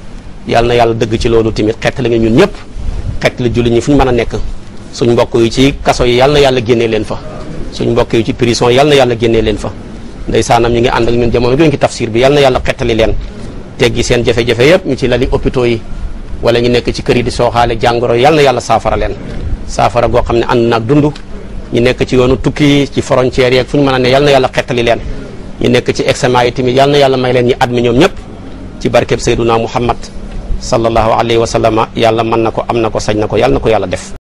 yàlla na yàlla dëgg ci loolu tamit xett la nga ñun ñëpp xett la ñi fu ñu mën a nekk suñ mbokk yi ci kaso yi yàlla na yàlla génne leen fa suñ mbokk yi ci prison yàlla na yàlla génnee leen fa saanam ñu ngi ànd ak ñun jamono bi ñu ngi tafsir bi yàlla na leen teggi seen jafe-jafe yëpp ñu ci lali hôpitaux yi wala ñu nekk ci kër di sooxaale jàngoro yàlla yàlla saafara leen saafara goo xam ne ànd naag dund ñu nekk ci yoonu tukki ci frontières yeeg fu ñu mën a ne yàlla na yàlla xettali leen ñu nekk ci examen yi tamit yàlla na yàlla may leen ñi at mi ñoom ñëpp ci barkeb Seyduna Muhammad sallallahu alayhi wa sallam yàlla mën na ko am na ko sañ na ko yàlla na ko yàlla def